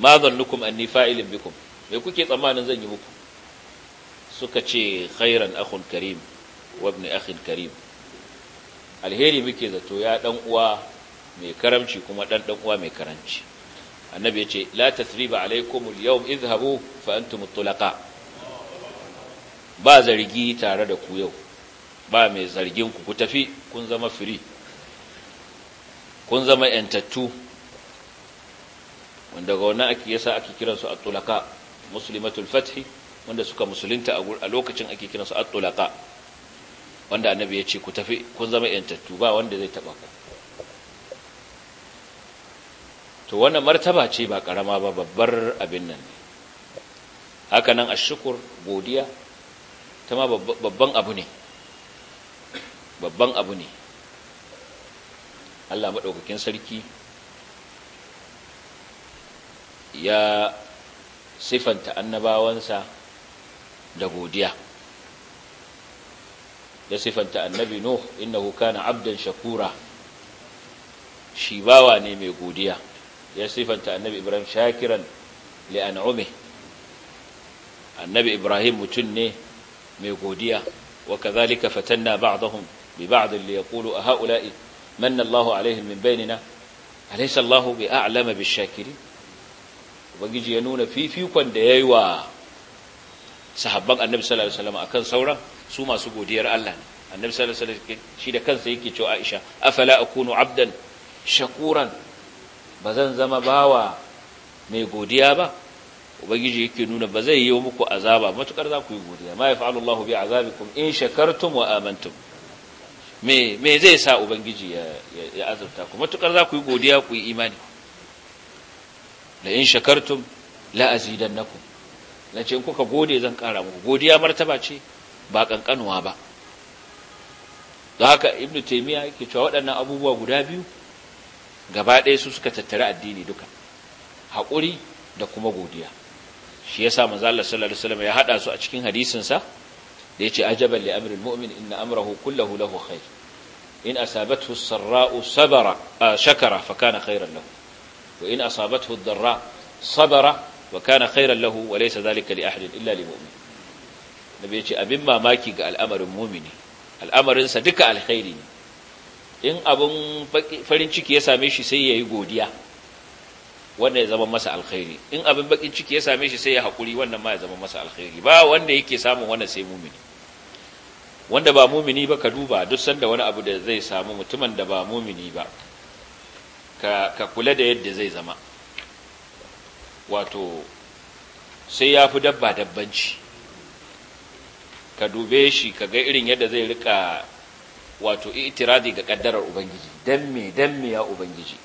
ma zannukum anni fa'ilin bikum me kuke tsammanin zan yi muku suka ce khairan akhun karim wa ibn akhin karim alheri muke zato ya dan uwa mai karamci kuma dan dan uwa mai karamci annabi ya la tasriba alaykum al-yawm idhhabu fa antum tulaqa ba zargi tare da ku yau ba mai zargin ku ku tafi kun zama free kun zama yantattu wanda ga wannan ake yasa ake kiransu at-tulaqa muslimatul fathi wanda suka musulunta a lokacin ake kiransu at-tulaqa wanda annabi ya ce ku tafi kun zama yantattu ba wanda zai taba ku to wannan martaba ce ba karama ba babbar abin nan ne haka nan ashukur godiya ta ma babban abu ne babban abu ne Allah maɗaukakin sarki ya sifanta annabawansa da godiya ya sifanta annabi Nuh innahu kana abdan shakura shi bawa ne mai godiya ya sifanta annabi Ibrahim shakiran li annabi ibrahim mutum ne mai godiya wa kazalika fatanna ba'dahum bi ba'd li yaqulu a ha'ula'i manna Allahu alaihim min bainina alaysa Allahu bi a'lama bishakirin ubangiji ya nuna fifikon da yi wa sahabban annabi sallallahu alaihi wasallam akan sauran su masu godiyar Allah ne annabi sallallahu alaihi wasallam shi da kansa yake cewa Aisha afala akunu abdan shakuran bazan zama bawa mai godiya ba ubangiji yake nuna ba zai yi muku azaba matukar za ku yi godiya ma yaf'alu Allahu bi azabikum in shakartum wa amantum me zai sa ubangiji ya azurta ku matukar za ku yi godiya ku yi imani Da in shakartum la azidannakum na ce in kuka gode zan kara muku godiya martaba ce ba kankanuwa ba Da haka Ibn taimiyya yake cewa waɗannan abubuwa guda biyu gaba ɗaya su suka tattara addini duka haƙuri da kuma godiya shi yasa manzo Allah sallallahu alaihi wasallam ya haɗa su a cikin hadisinsa? sa da yace ajaban li amril mu'min inna amrahu kullahu lahu khair in asabathu as-sarra'u sabara shakara fa kana khairan lahu wa in asabathu darra sabara wa kana khairan lahu wa laysa dhalika li ahadin illa lil mu'min nabi yace abin mamaki ga al'amarin mu'mini al'amarin sa duka alkhairi ne in abun farin ciki ya same shi sai yayi godiya wannan ya zama masa alkhairi in abin bakin ciki ya same shi sai ya haƙuri wannan ma ya zama masa alkhairi ba wanda yake samun wannan sai mumini wanda ba mumini ba ka duba duk sanda wani abu da zai samu mutumin da ba mumini ba ka kula da yadda zai zama wato sai ya fi dabba dabbanci ka dube shi ka ga irin yadda zai rika wato itiradi ga kaddarar ubangiji dan me dan me ya ubangiji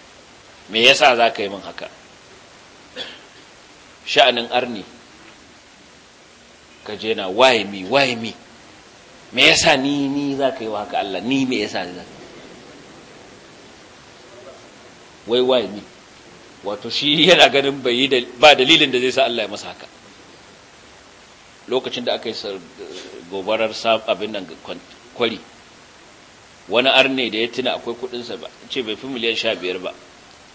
me yasa za ka yi min haka sha'anin arni ka je na why me why me me yasa ni ni za ka yi wa haka Allah ni me yasa ni za wai wai ni wato shi [laughs] yana ganin bai yi ba dalilin da zai sa Allah ya masa haka lokacin da aka yi gobarar abin nan kwari wani arne da ya tuna akwai kudinsa ba ce bai fi miliyan sha biyar ba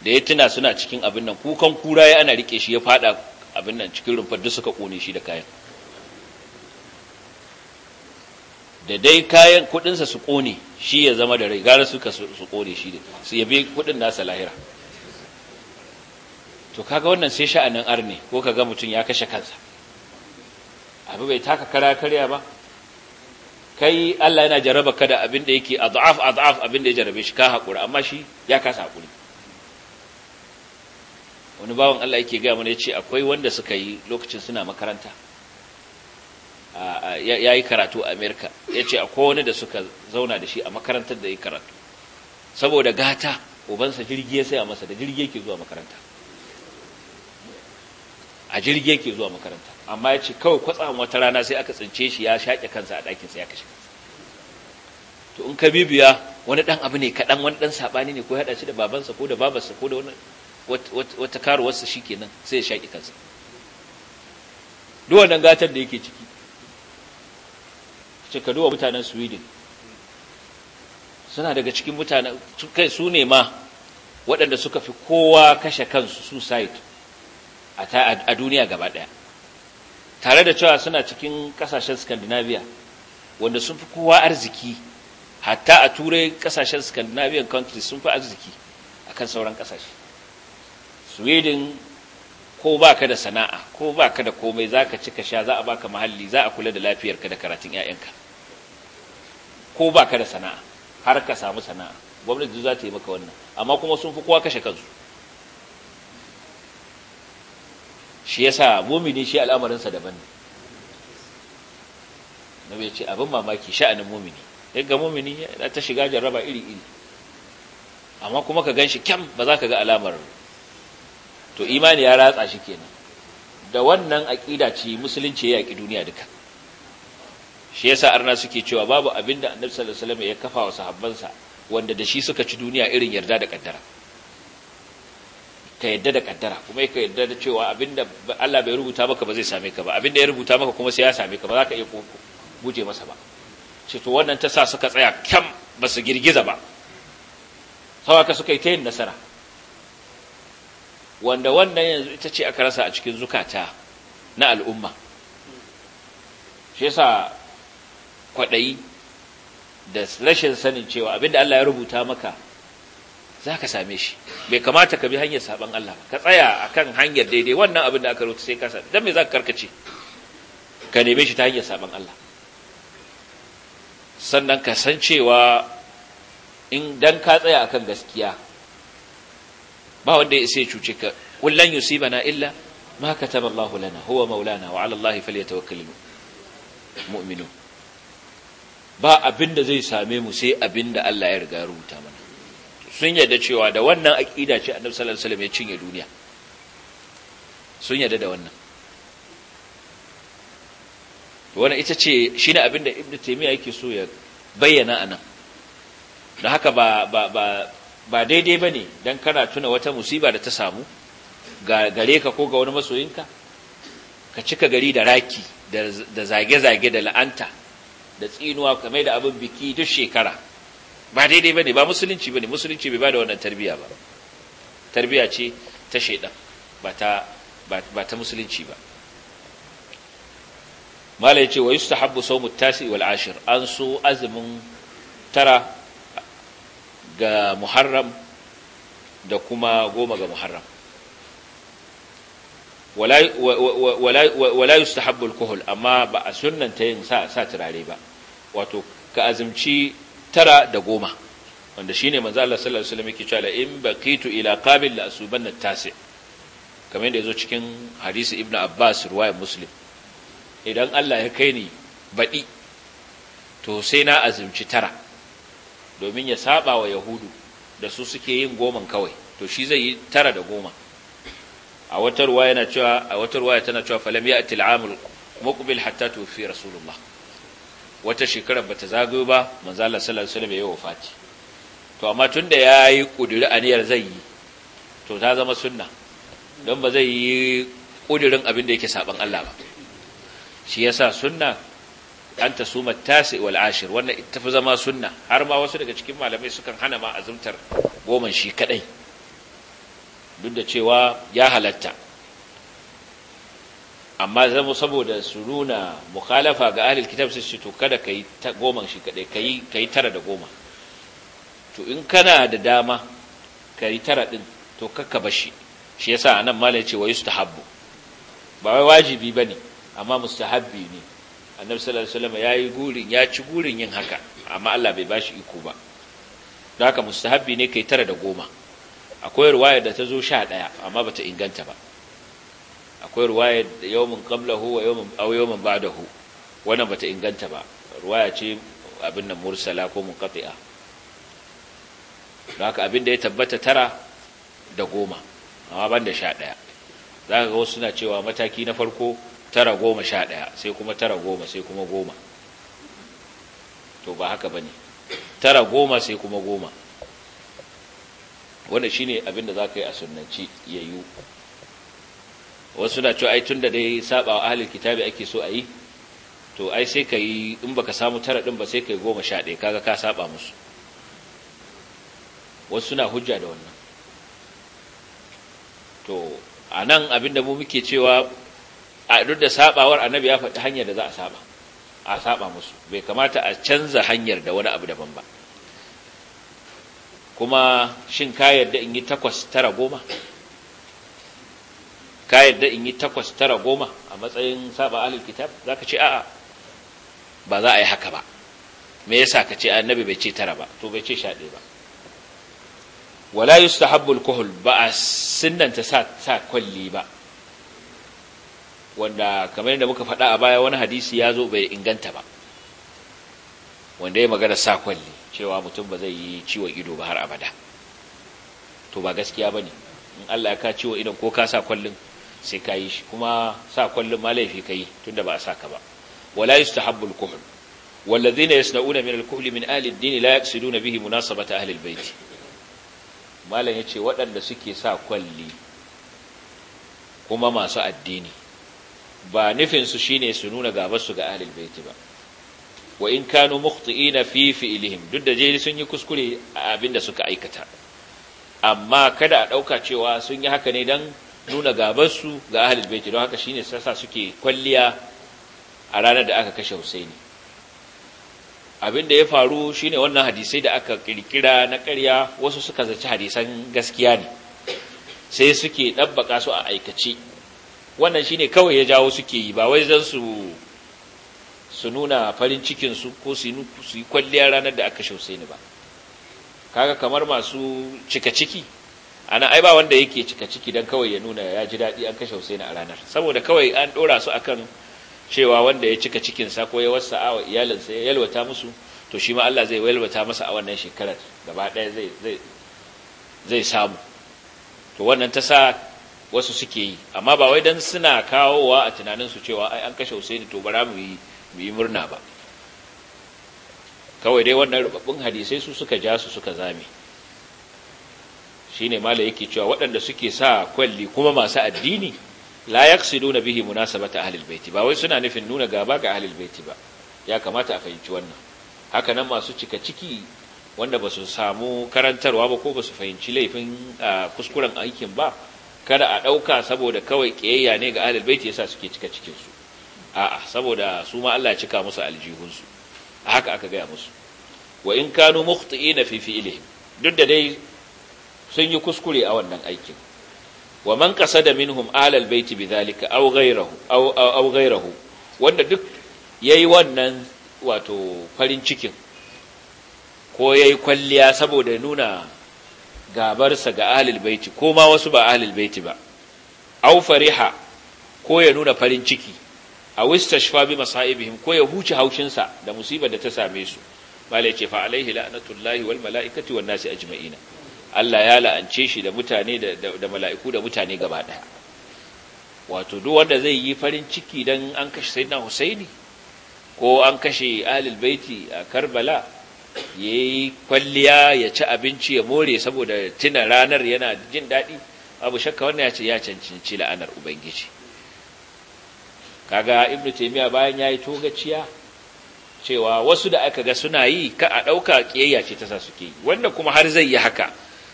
da ya tuna suna cikin abin nan kukan kura ya ana rike shi ya fada abin nan cikin rumfar duk suka kone shi da kayan da dai kayan kuɗinsa su ƙone shi ya zama da rai gara suka su ƙone shi da su yabe kuɗin nasa lahira to kaga wannan sai sha'anin arne ko kaga mutum ya kashe kansa abu bai taka kara karya ba kai Allah yana jaraba ka da abin da yake adaf adaf abin da ya jarabe shi ka haƙura amma shi ya kasa haƙuri wani bawan Allah yake gaya mana ya akwai wanda suka yi lokacin suna makaranta ya yi karatu a amerika ya ce akwai wani da suka zauna da shi a makarantar da ya karatu saboda gata ubansa jirgi ya saya masa da jirgi yake zuwa makaranta a jirgi yake zuwa makaranta amma ya ce kawai kwatsam wata rana sai aka tsince shi ya shaƙe kansa a ɗakinsa ya kashe kansa to in ka bibiya wani ɗan abu ne kaɗan wani ɗan saɓani ne ko ya haɗa shi da babansa ko da babarsa ko da wani wata karuwarsa shi kenan sai ya shaƙe kansa duk wannan gatar da yake ciki ce ka mutanen sweden suna daga cikin mutanen kai su ne ma waɗanda suka fi kowa kashe kansu suicide a duniya gaba ɗaya tare da cewa suna cikin ƙasashen scandinavia wanda sun fi kowa arziki hatta a turai ƙasashen scandinavian countries sun fi arziki akan sauran ƙasashe sweden ko baka da sana'a ko baka da komai zaka ci ka sha za a baka mahalli za a kula da lafiyarka da karatun 'ya'yanka ko baka da sana'a har ka samu sana'a gwamnati za ta yi maka wannan amma kuma sun fi kowa kashe kansu shi yasa mumini shi al'amarinsa daban ne na ya ce abin mamaki sha'anin mumini yadda mumini yana ta shiga jaraba iri-iri amma kuma ka gan shi kyam ba za ka ga alamar to imani ya ratsa shi kenan da wannan aqida ce musulunci ya yaki duniya duka shi yasa arna suke cewa babu abinda annabi sallallahu alaihi wasallam ya kafa wa sahabbansa wanda da shi suka ci duniya irin yarda da kaddara ka yadda da kaddara kuma ka yadda da cewa abinda Allah bai rubuta maka ba zai same ka ba abinda ya rubuta maka kuma sai ya same ka ba za ka iya guje masa ba ce to wannan ta sa suka tsaya kyam ba su girgiza ba sauka suka yi ta yin nasara wanda wannan yanzu ita ce aka rasa a cikin zukata na al'umma shi yasa kwaɗayi da rashin sanin cewa abinda Allah ya rubuta maka za ka same shi bai kamata ka bi hanyar saban Allah ka tsaya a kan hanyar daidai wannan abin da aka rubuta sai ka sa dan me za ka karkace ka neme shi ta hanyar saban Allah sannan ka san cewa in dan ka tsaya akan gaskiya ba wanda ya sai cuce ka wallan yusibana illa ma kataba Allahu lana huwa maulana wa ala Allahi falyatawakkal mu'minu ba abinda zai same mu sai abinda Allah ya riga rubuta mana sun yarda cewa da wannan aqida ce Annabi sallallahu alaihi wasallam ya cinye duniya sun yarda da wannan wannan ita ce shine abinda Ibn Taymiyyah yake so ya bayyana anan don haka ba ba ba ba daidai ba ne don kana tuna wata musiba da ta samu gare ka ko ga wani masoyinka ka cika gari da raki da zage-zage da la'anta da tsinuwa kamar da abin biki duk shekara ba daidai ba ne ba musulunci ba ne musulunci bai ba da wannan tarbiya ba tarbiya ce ta shaidan ba ta musulunci ba mala ya ce wa ta habbu sau mutasi wal'ashir an so azumin tara ga muharram da kuma goma ga muharram wala yustahabbu kuhul amma ba a sunnanta yin sa sa turare ba wato ka azumci tara da goma wanda shine manzo Allah sallallahu alaihi wasallam cewa in kitu ila qabil la asubanna tasi kamar yadda yazo cikin hadisi ibnu abbas ya muslim idan Allah ya kai ni baɗi to sai na azumci tara domin ya saba wa yahudu da su suke yin goman kawai to shi zai yi tara da goma a wata yana cewa a wata tana cewa falam atil amul muqbil hatta tufi rasulullah wata shekarar bata zagayo ba manzo Allah sallallahu alaihi wasallam ya wafati to amma tunda yayi kudiri aniyar zai yi to ta zama sunna don ba zai yi kudirin abin da yake saban Allah ba shi yasa sunna an ta suma tasi wal ashir wannan ita fi zama sunna har ma wasu daga cikin malamai sukan hana ma azumtar goma shi kadai duk da cewa ya halatta amma zama saboda su nuna mukhalafa ga ahlul kitab sai to kada kai ta goma shi kadai kai kai tara da goma to in kana da dama kai tara din to kakka bashi shi yasa anan malai ce wa yustahabbu ba wai wajibi bane amma mustahabbi ne annabi sallallahu alaihi wasallam yayi gurin ya ci gurin yin haka amma Allah bai bashi iko ba don haka mustahabbi ne kai tara da goma akwai ruwaya da ta zo sha ɗaya amma bata inganta ba akwai ruwaya da yawmin qablahu wa yawmin aw yawmin ba'dahu wannan bata inganta ba ruwaya ce abin nan mursala ko munqati'a don haka abin da ya tabbata tara da goma amma ban da sha ɗaya za ka ga wasu suna cewa mataki na farko tara goma sha ɗaya sai kuma tara goma sai kuma goma to ba haka ba ne tara goma sai kuma goma wanda shi ne abinda za ka yi a sunanci ya yiwu wasu na cewa ai tun da dai saba wa ahalin kitabi ake so a yi to ai sai ka yi in baka samu tara ɗin ba sai ka yi goma sha ɗaya kaga ka saba musu wasu na hujja da wannan to a nan abinda mu muke cewa a duk da sabawar annabi ya faɗi hanyar da za a saba a saba musu bai kamata a canza hanyar da wani abu daban ba kuma shin ka yarda in yi takwas tara goma ka yarda in yi takwas tara goma a matsayin saba alil kitab za ka ce a'a ba za a yi haka ba me yasa ka ce annabi bai ce tara ba to bai ce sha ɗaya ba wala yustahabbu kuhul ba a sinnanta sa kwalli ba wanda kamar yadda muka faɗa a baya wani hadisi ya zo bai inganta ba wanda ya magana sa kwalli cewa mutum ba zai yi ciwon ido ba har abada to ba gaskiya ba ne in allah ya ka ciwon idon ko ka sa kwallin sai ka yi shi kuma sa kwallin ma laifi ka yi tun da ba a sa ka ba wala yustahabbu al-kuhl min يصنعون من الكحل من na bihi لا يقصدون به مناسبة أهل malam ya ce waɗanda suke sa kwalli kuma masu addini ba nufinsu shine su nuna gabarsu ga ahlul baiti ba wa in kanu mukhti'ina fi fi'lihim duk da je sun yi kuskure a abin da suka aikata amma kada a dauka cewa sun yi haka ne dan nuna gabarsu ga ahlul baiti don haka shine sasa suke kwalliya a ranar da aka kashe Husaini da ya faru shine wannan hadisai da aka kirkira na ƙarya wasu suka zaci hadisan gaskiya ne sai suke dabbaka su a aikace wannan shine kawai ya jawo suke yi ba wai zan su su nuna farin cikin su ko su yi kwalliya ranar da aka shausai ni ba kaga kamar masu cika ciki ana ai ba wanda yake cika ciki dan kawai ya nuna ya ji daɗi an kashe Husaini a ranar saboda kawai an ɗora su akan cewa wanda ya cika cikin sa ko ya wasa wa iyalinsa ya yalwata musu to shi ma Allah zai yalwata masa a wannan shekarar gaba ɗaya zai zai zai samu to wannan ta sa wasu suke yi amma ba wai dan suna kawowa a tunaninsu cewa ai an kashe Husaini to bara mu yi mu yi murna ba kawai dai wannan rubabbun hadisai su suka ja su suka zame shine mala yake cewa waɗanda suke sa kwalli kuma masu addini la nuna bihi munasabata ahlil baiti ba wai suna nufin nuna gaba ga ahlil baiti ba ya kamata a fahimci wannan haka nan masu cika ciki wanda ba su samu karantarwa ba ko ba su fahimci laifin ah, kuskuren aikin ba kada a ɗauka saboda kawai ƙiyayya ne ga ahlul baiti yasa suke cika cikin su a'a saboda su ma Allah cika musu aljihun su a haka aka gaya musu wa in kanu mukhti'ina fi fi'lihim duk da dai sun yi kuskure a wannan aikin wa man qasada minhum ahlul baiti bidhalika aw ghayrahu aw aw ghayrahu wanda duk yayi wannan wato farin cikin ko yayi kwalliya saboda nuna gabarsa ga ahlul baiti ko ma wasu ba ahlul baiti ba aw fariha ko ya nuna farin ciki a wistashfa bi masaibihim ko ya huce haushinsa da musibar da ta same su malai ce fa alaihi la'natullahi wal mala'ikati wan nasi ajma'ina Allah ya la'ance shi da mutane da mala'iku da mutane gaba daya wato duk wanda zai yi farin ciki dan an kashe sayyidina Husaini ko an kashe ahlul baiti a Karbala ya yi kwalliya ya ci abinci ya more saboda tuna ranar yana jin daɗi abu shakka wannan ya ce ya cancanci la'anar ubangiji kaga ibnu taimiya bayan ya yi togaciya cewa wasu da aka ga suna yi ka a ɗauka ƙiyayya ce ta sa suke yi wanda kuma har zai yi haka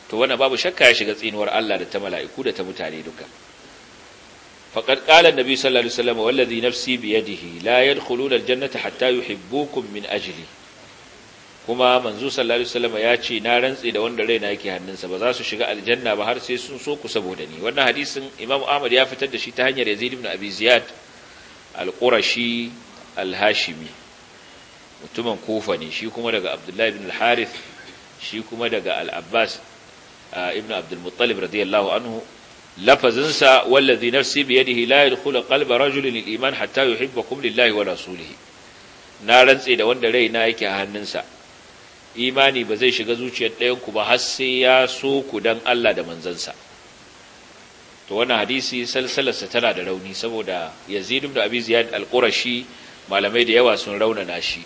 to wannan babu shakka ya shiga tsinuwar Allah da ta mala'iku da ta mutane duka faqad qala an-nabi sallallahu alaihi wasallam wallazi nafsi bi yadihi la yadkhuluna al-jannata hatta yuhibbukum min ajli kuma manzo sallallahu alaihi wasallam ya ce na rantse da wanda raina yake hannunsa ba za su shiga aljanna ba har sai sun so ku saboda ni wannan hadisin Imam Ahmad ya fitar da shi ta hanyar Yazid ibn Abi Ziyad al-Qurashi al-Hashimi mutumin Kufa ne shi kuma daga Abdullahi ibn al-Harith shi kuma daga al-Abbas ibn Abdul Muttalib radiyallahu anhu lafazinsa wallazi nafsi biyadihi la yadkhulu qalba rajulin al-iman hatta yuhibbakum lillahi wa rasulihi na rantse da wanda raina yake hannunsa imani ba zai shiga zuciyar ɗayanku ba har sai ya so ku dan Allah da manzansa to wannan hadisi salsalarsa tana da rauni saboda yazid ibn abi ziyad al-qurashi malamai da yawa sun raunana shi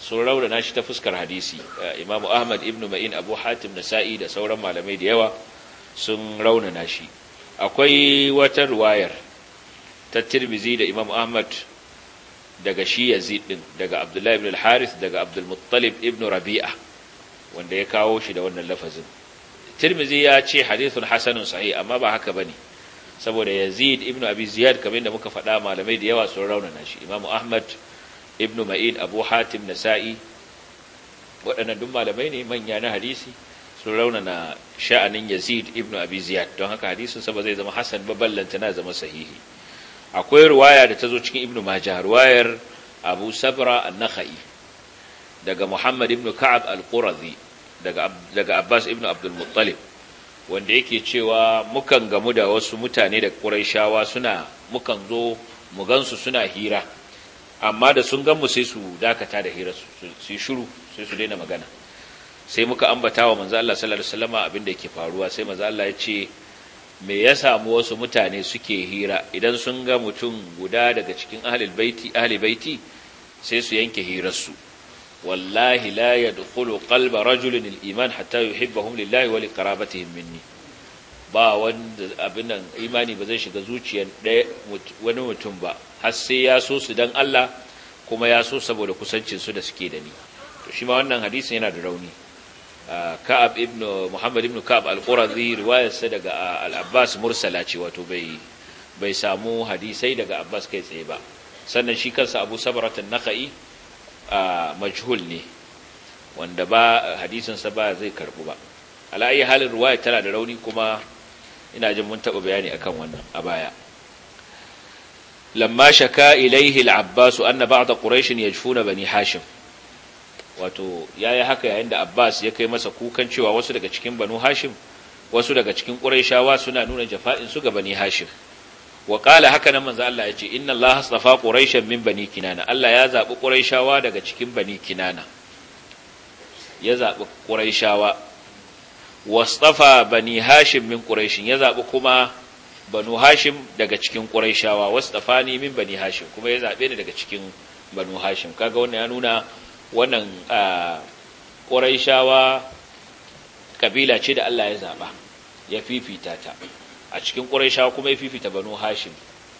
sun raunana shi ta fuskar hadisi eh, imamu ahmad ibn ma'in abu hatim nasa'i da sauran malamai da yawa sun rauna nashi akwai wata ruwayar ta tirmizi da Imam ahmad daga shi yazid din daga abdullahi ibn al-harith daga abdul muttalib ibn rabi'a wanda ya kawo shi da wannan lafazin tirmizi ya ce hadithun hasanun sahih amma ba haka bane saboda yazid ibn abi ziyad kamar da muka faɗa malamai da yawa sun raunana shi imamu ahmad ibn ma'in abu hatim nasa'i waɗannan duk malamai ne manya na hadisi sun raunana sha'anin yazid ibn abi ziyad don haka hadisin sa ba zai zama hasan ba ballanta na zama sahihi akwai ruwaya da ta zo cikin ibnu majah ruwayar abu sabra an-nakhai daga muhammad ibnu ka'ab al-qurazi daga daga abbas ibnu abdul muttalib wanda yake cewa mukan gamu da wasu mutane da quraishawa suna mukan zo mu gansu suna hira amma da sun ganmu sai su dakata da hira su shiru sai su daina magana sai muka ambata wa manzo Allah sallallahu alaihi wasallama abin da yake faruwa sai manzo Allah ya ce me ya samu wasu mutane suke hira idan sun ga mutum guda daga cikin ahal baiti sai su yanke hirarsu wallahi la ya dukulu kalba rajulun iman hatta hun lillahi wani karabata minni ba wanda abinan imani ba zai shiga zuciyar wani mutum ba har sai ya so su dan Allah kuma ya so saboda kusancinsu da suke da ni to shi wannan hadisin yana da rauni ka'ab ibn muhammad ibn ka'ab al-qurazi riwayarsa daga uh, al-abbas mursala ce wato bai bai samu hadisai daga abbas kai tsaye ba sannan shi kansa abu sabaratun an a uh, majhul ne wanda ba sa ba zai karbu ba Ala ayi halin riwayar tana da rauni kuma ina jin mun taba bayani akan wannan a baya lamma shaka ilaihi al-abbas anna ba'd quraish yajfuna bani hashim wato ya yi haka yayin da Abbas ya kai masa kukan cewa wasu daga cikin Banu Hashim wasu daga cikin Qurayshawa suna nuna jafa'in su ga Bani Hashim wa qala haka nan manzo Allah ya ce inna Allah safa Qurayshan min Bani Kinana Allah ya zabi Qurayshawa daga cikin Bani Kinana ya zabi Qurayshawa wastafa Bani Hashim min Qurayshin ya zabi kuma Banu Hashim daga cikin Qurayshawa wastafani min Bani Hashim kuma ya zabe ni daga cikin Banu Hashim kaga wannan ya nuna wannan ƙuraishawa kabila ce da Allah ya zaba ya fifita ta a cikin ƙuraishawa kuma ya fifita banu hashim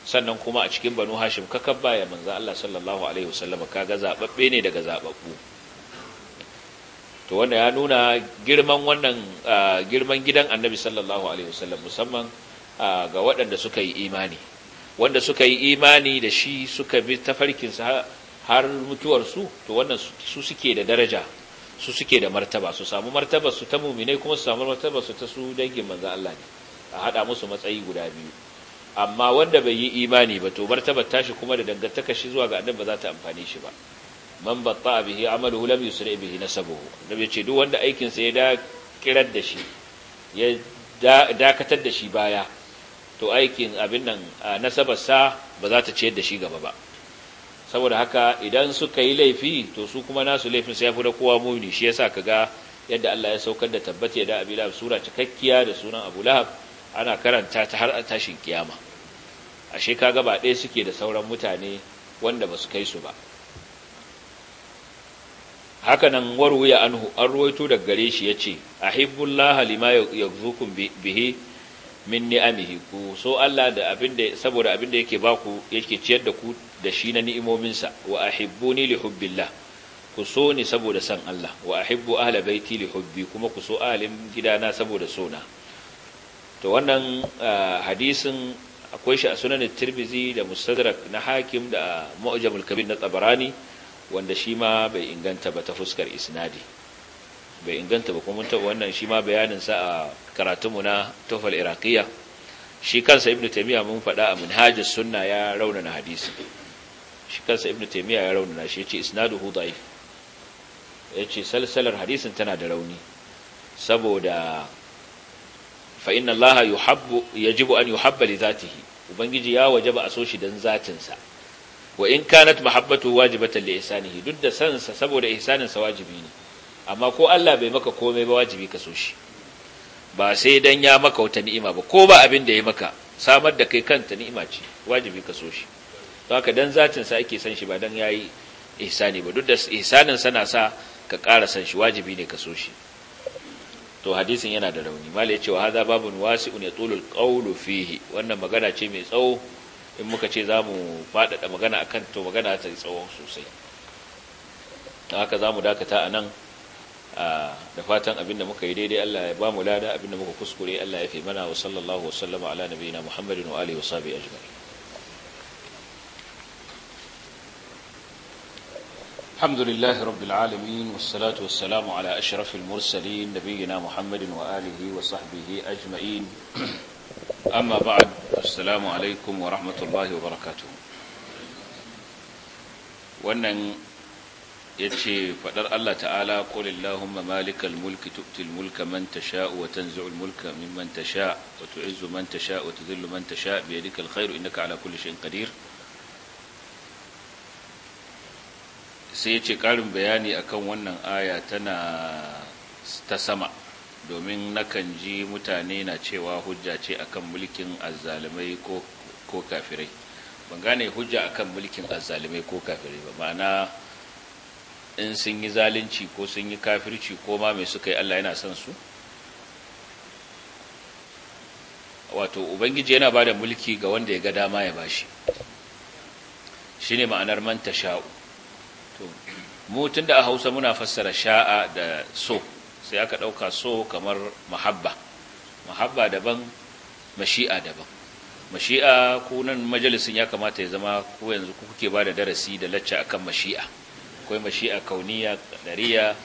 sannan kuma a cikin banu hashim kakan baya manzo Allah sallallahu alaihi ka kaga zaɓaɓɓe ne daga zaɓaɓɓu. to wanda ya nuna girman wannan girman gidan annabi sallallahu alaihi wasallam musamman ga waɗanda suka yi imani wanda suka yi imani da shi suka bi tafarkinsa har mutuwarsu to wannan su suke da daraja su suke da martaba su samu martaba su ta muminai kuma su samu martaba su ta su dangin manzan Allah ne a haɗa musu matsayi guda biyu amma wanda bai yi imani ba to martaba tashi kuma da dangantaka shi zuwa ga annab ba za ta amfane shi ba man batta bihi amaluhu lam yusri bihi nasabuhu annabi ce duk wanda aikin sa ya da kirar da shi ya dakatar da shi baya to aikin abin nan nasabarsa ba za ta ciyar da shi gaba ba saboda haka idan suka yi laifi to su kuma nasu laifin sai fi da kowa muni shi yasa kaga yadda Allah ya saukar da tabbata da Abi Lahab sura cikakkiya da sunan Abu Lahab ana karanta ta har a tashin kiyama ashe kaga ba ɗaya suke da sauran mutane wanda ba su kai su ba haka nan warwuya anhu an ruwaito daga gare shi yace ahibbullah lima yaghzukum bihi min ni'amihi ku so Allah da abinda saboda abinda yake baku yake ciyar da ku da shi na ni'imominsa wa ahibbuni li hubbillah ku so ni saboda san Allah wa ahibbu ahla baiti li hubbi kuma ku so ahalin gidana saboda sona to wannan hadisin akwai shi a sunan tirbizi da Mustadrak na Hakim da Mu'jamul Kabir na Tabarani wanda shi ma bai inganta ba ta fuskar isnadi bai inganta ba kuma taɓa wannan shi ma bayanin sa a karatunmu na Tafal Irakiya? shi kansa Ibn Taymiyyah mun faɗa a Minhajus Sunna ya raunana hadisin shi kansa ibnu taymiya ya raunana shi yace isnaduhu da'if yace salsalar hadisin tana da rauni saboda fa inna allaha yuhibbu yajibu an yuhabba li ubangiji ya wajaba a so shi dan zatinsa wa in kanat mahabbatu wajibatan li ihsanihi duk da sansa saboda sa wajibi ne amma ko Allah bai maka komai ba wajibi ka so shi ba sai dan ya maka wata ni'ima ba ko ba abin da ya maka samar da kai kanta ni'ima ce wajibi ka so shi haka dan zatin sa ake san shi ba dan yayi ihsani ba duk da ihsanin sa na sa ka ƙara san shi wajibi ne ka so shi to hadisin yana da rauni mala ya ce wa haza babun wasi'un ya tsulul qawlu fihi wannan magana ce mai tsawo in muka ce za mu faɗaɗa magana akan to magana ta tsawo sosai haka za mu dakata a nan da fatan abinda muka yi daidai Allah ya ba mu lada abinda muka kuskure Allah ya fi mana wa sallallahu wa sallama ala nabiyina Muhammadin wa alihi wa sahbihi ajma'in الحمد لله رب العالمين والصلاة والسلام على أشرف المرسلين نبينا محمد وآله وصحبه أجمعين أما بعد السلام عليكم ورحمة الله وبركاته wannan ya ce faɗar Allah ta'ala ƙulin lahumma malikal mulki tuktil mulka man tasha wa tanzu'ul mulka mimman tasha wa tu'izzu man tasha wa tuzillu man tasha biyadika alkhairu innaka ala kulli shay'in sai ya ce ƙarin bayani akan wannan aya tana ta sama domin nakan ji mutane na cewa hujja ce akan mulkin azzalumai ko, kafirai ban gane hujja akan mulkin azzalumai ko kafirai ba ma'ana in sun yi zalunci ko sun yi kafirci ko ma mai suka yi Allah yana son su wato ubangiji yana ba da mulki ga wanda ya ga dama ya bashi shine ma'anar man tasha'u mu da a Hausa muna fassara sha'a da so sai aka ɗauka so kamar mahabba mahabba daban mashi'a daban mashi'a ko nan majalisin ya kamata ya zama ko yanzu ku kuke da darasi da lacca akan mashi'a akwai mashi'a kauniya dariya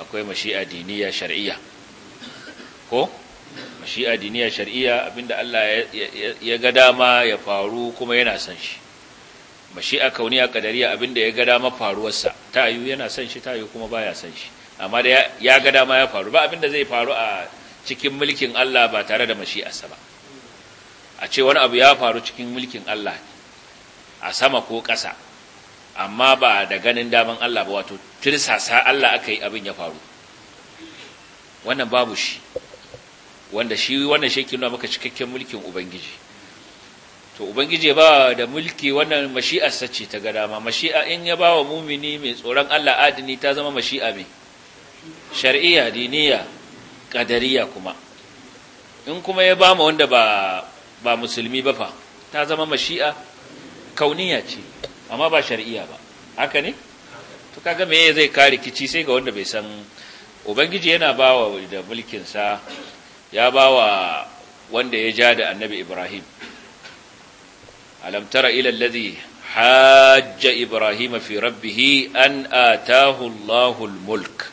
akwai mashi'a diniya shar'iyya ko mashi'a diniya shar'iyya abinda Allah ya ga dama ya faru kuma yana son shi mashi'a kauniya abin abinda ya ga dama faruwarsa ta yi yana son shi ta yi kuma baya son shi amma da ya ga dama ya faru ba abin da zai faru a cikin mulkin Allah ba tare da a ba a ce wani abu ya faru cikin mulkin Allah a sama ko ƙasa amma ba da ganin daman Allah ba wato tirsasa Allah aka yi abin ya faru wannan babu shi wanda shi wannan shekin nuna maka cikakken mulkin ubangiji to ubangije ya ba da mulki wannan mashi'ar sace ta ga dama mashi'a in ya bawa wa mumini mai tsoron Allah adini ta zama mashi'a me. shar'iyya diniya qadariya kuma in kuma ya ba mu wanda ba ba musulmi ba fa ta zama mashi'a kauniya ce amma ba shar'iyya ba haka ne to kaga me zai kare kici sai ga wanda bai san Ubangije yana bawa da mulkin sa ya bawa wanda ya ja da annabi Ibrahim alam tara ila alladhi hajja ibrahima fi rabbih an ataahu Allahu al-mulk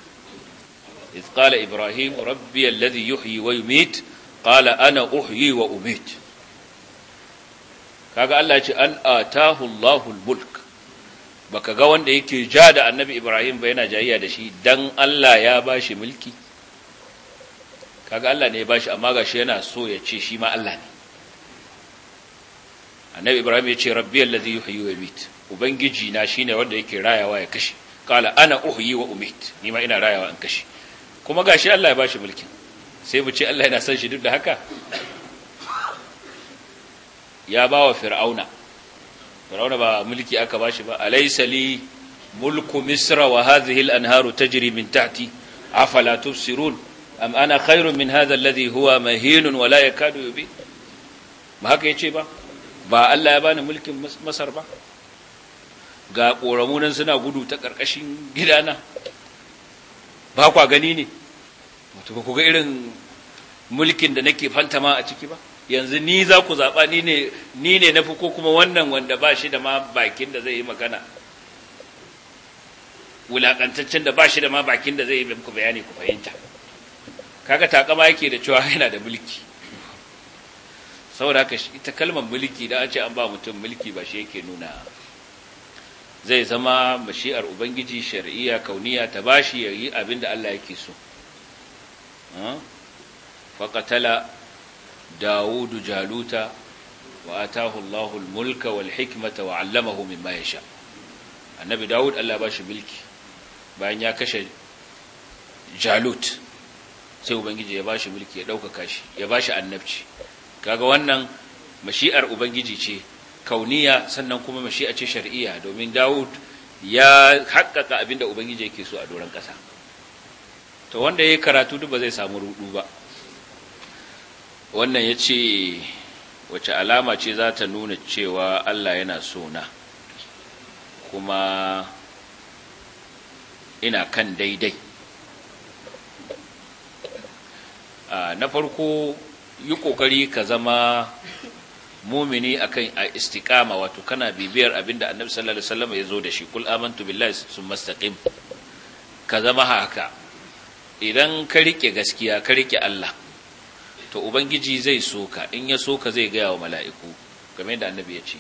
إذ قال إبراهيم ربي الذي يحيي ويميت قال أنا أحيي وأميت kaga Allah ya ce an atahu Allahul mulk baka ga wanda yake ja da annabi Ibrahim ba yana jayayya da shi dan Allah ya bashi mulki kaga Allah ne ya bashi amma gashi yana so ya ce shi ma Allah ne annabi ibrahim ya ce rabbi alladhi yuhyi wa yumit ubangiji na shine wanda yake rayawa ya kashe kala ana uhyi wa umit ni ma ina rayawa an kashe kuma gashi Allah ya bashi mulkin sai mu ce Allah yana san shi duk da haka ya bawa fir'auna fir'auna ba mulki aka bashi ba alaysa li mulku misra wa hadhihi al-anharu tajri min tahti afala tubsirun am ana khairun min hadha alladhi huwa mahinun wa la yakadu yubi ba haka yace ba ba Allah ya bani mulkin Masar ba ga ƙoramunan nan suna gudu ta ƙarƙashin gidana ba kwa gani ne wato ba ku ga irin mulkin da nake fantama a ciki ba yanzu ni za ku zaɓa ni ne ni ne na fi ko kuma wannan wanda ba shi da ma bakin da zai yi magana wulaƙantaccen da ba shi da ma bakin da zai yi muku bayani ku fahimta kaga takama yake da cewa [laughs] yana da mulki saboda haka ita kalmar mulki da an ce an ba mutum mulki ba shi yake nuna zai zama mashi'ar ubangiji shari'a kauniya ta bashi ya yi abin da Allah yake so faƙatala dawudu jaluta wa atahu Allahu mulka wal hikmata wa 'allamahu mimma yasha annabi dawud Allah ba shi mulki bayan ya kashe jalut sai ubangiji ya ba shi mulki ya dauka kashi ya ba shi annabci kaga wannan mashi'ar ubangiji ce kauniya sannan kuma mashi'a ce shar'iyya domin Dawud ya haƙƙaƙa abinda ubangiji yake so a doron ƙasa to wanda yayi karatu duk ba zai samu rudu ba wannan yace wace alama ce za ta nuna cewa Allah yana sona kuma ina kan daidai ah, na farko yi kokari ka zama mumini akan a istiqama wato kana bibiyar abinda annabi sallallahu alaihi wasallam ya zo da shi kul amantu billahi sun mastaqim ka zama haka idan ka rike gaskiya ka rike Allah to ubangiji zai soka in ya soka zai ga wa mala'iku kamar da annabi ya ce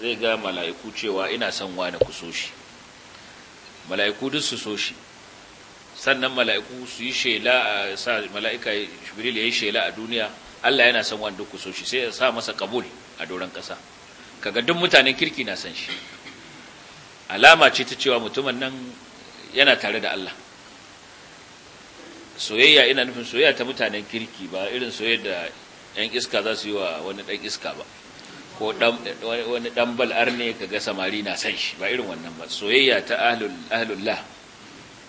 zai ga mala'iku cewa ina son wani ku mala'iku duk su sannan mala'iku su yi shela a sa mala'ika shibiril ya yi shela a duniya Allah yana son wanda ku so shi sai ya sa masa kabul a doron ƙasa kaga duk mutanen kirki na san shi alama ce ta cewa mutumin nan yana tare da Allah soyayya ina nufin soyayya ta mutanen kirki ba irin soyayya da ‘yan iska za su yi wa wani ɗan iska ba ko wani ɗan bal'ar ne ka ga samari na san shi ba irin wannan ba soyayya ta ahlullah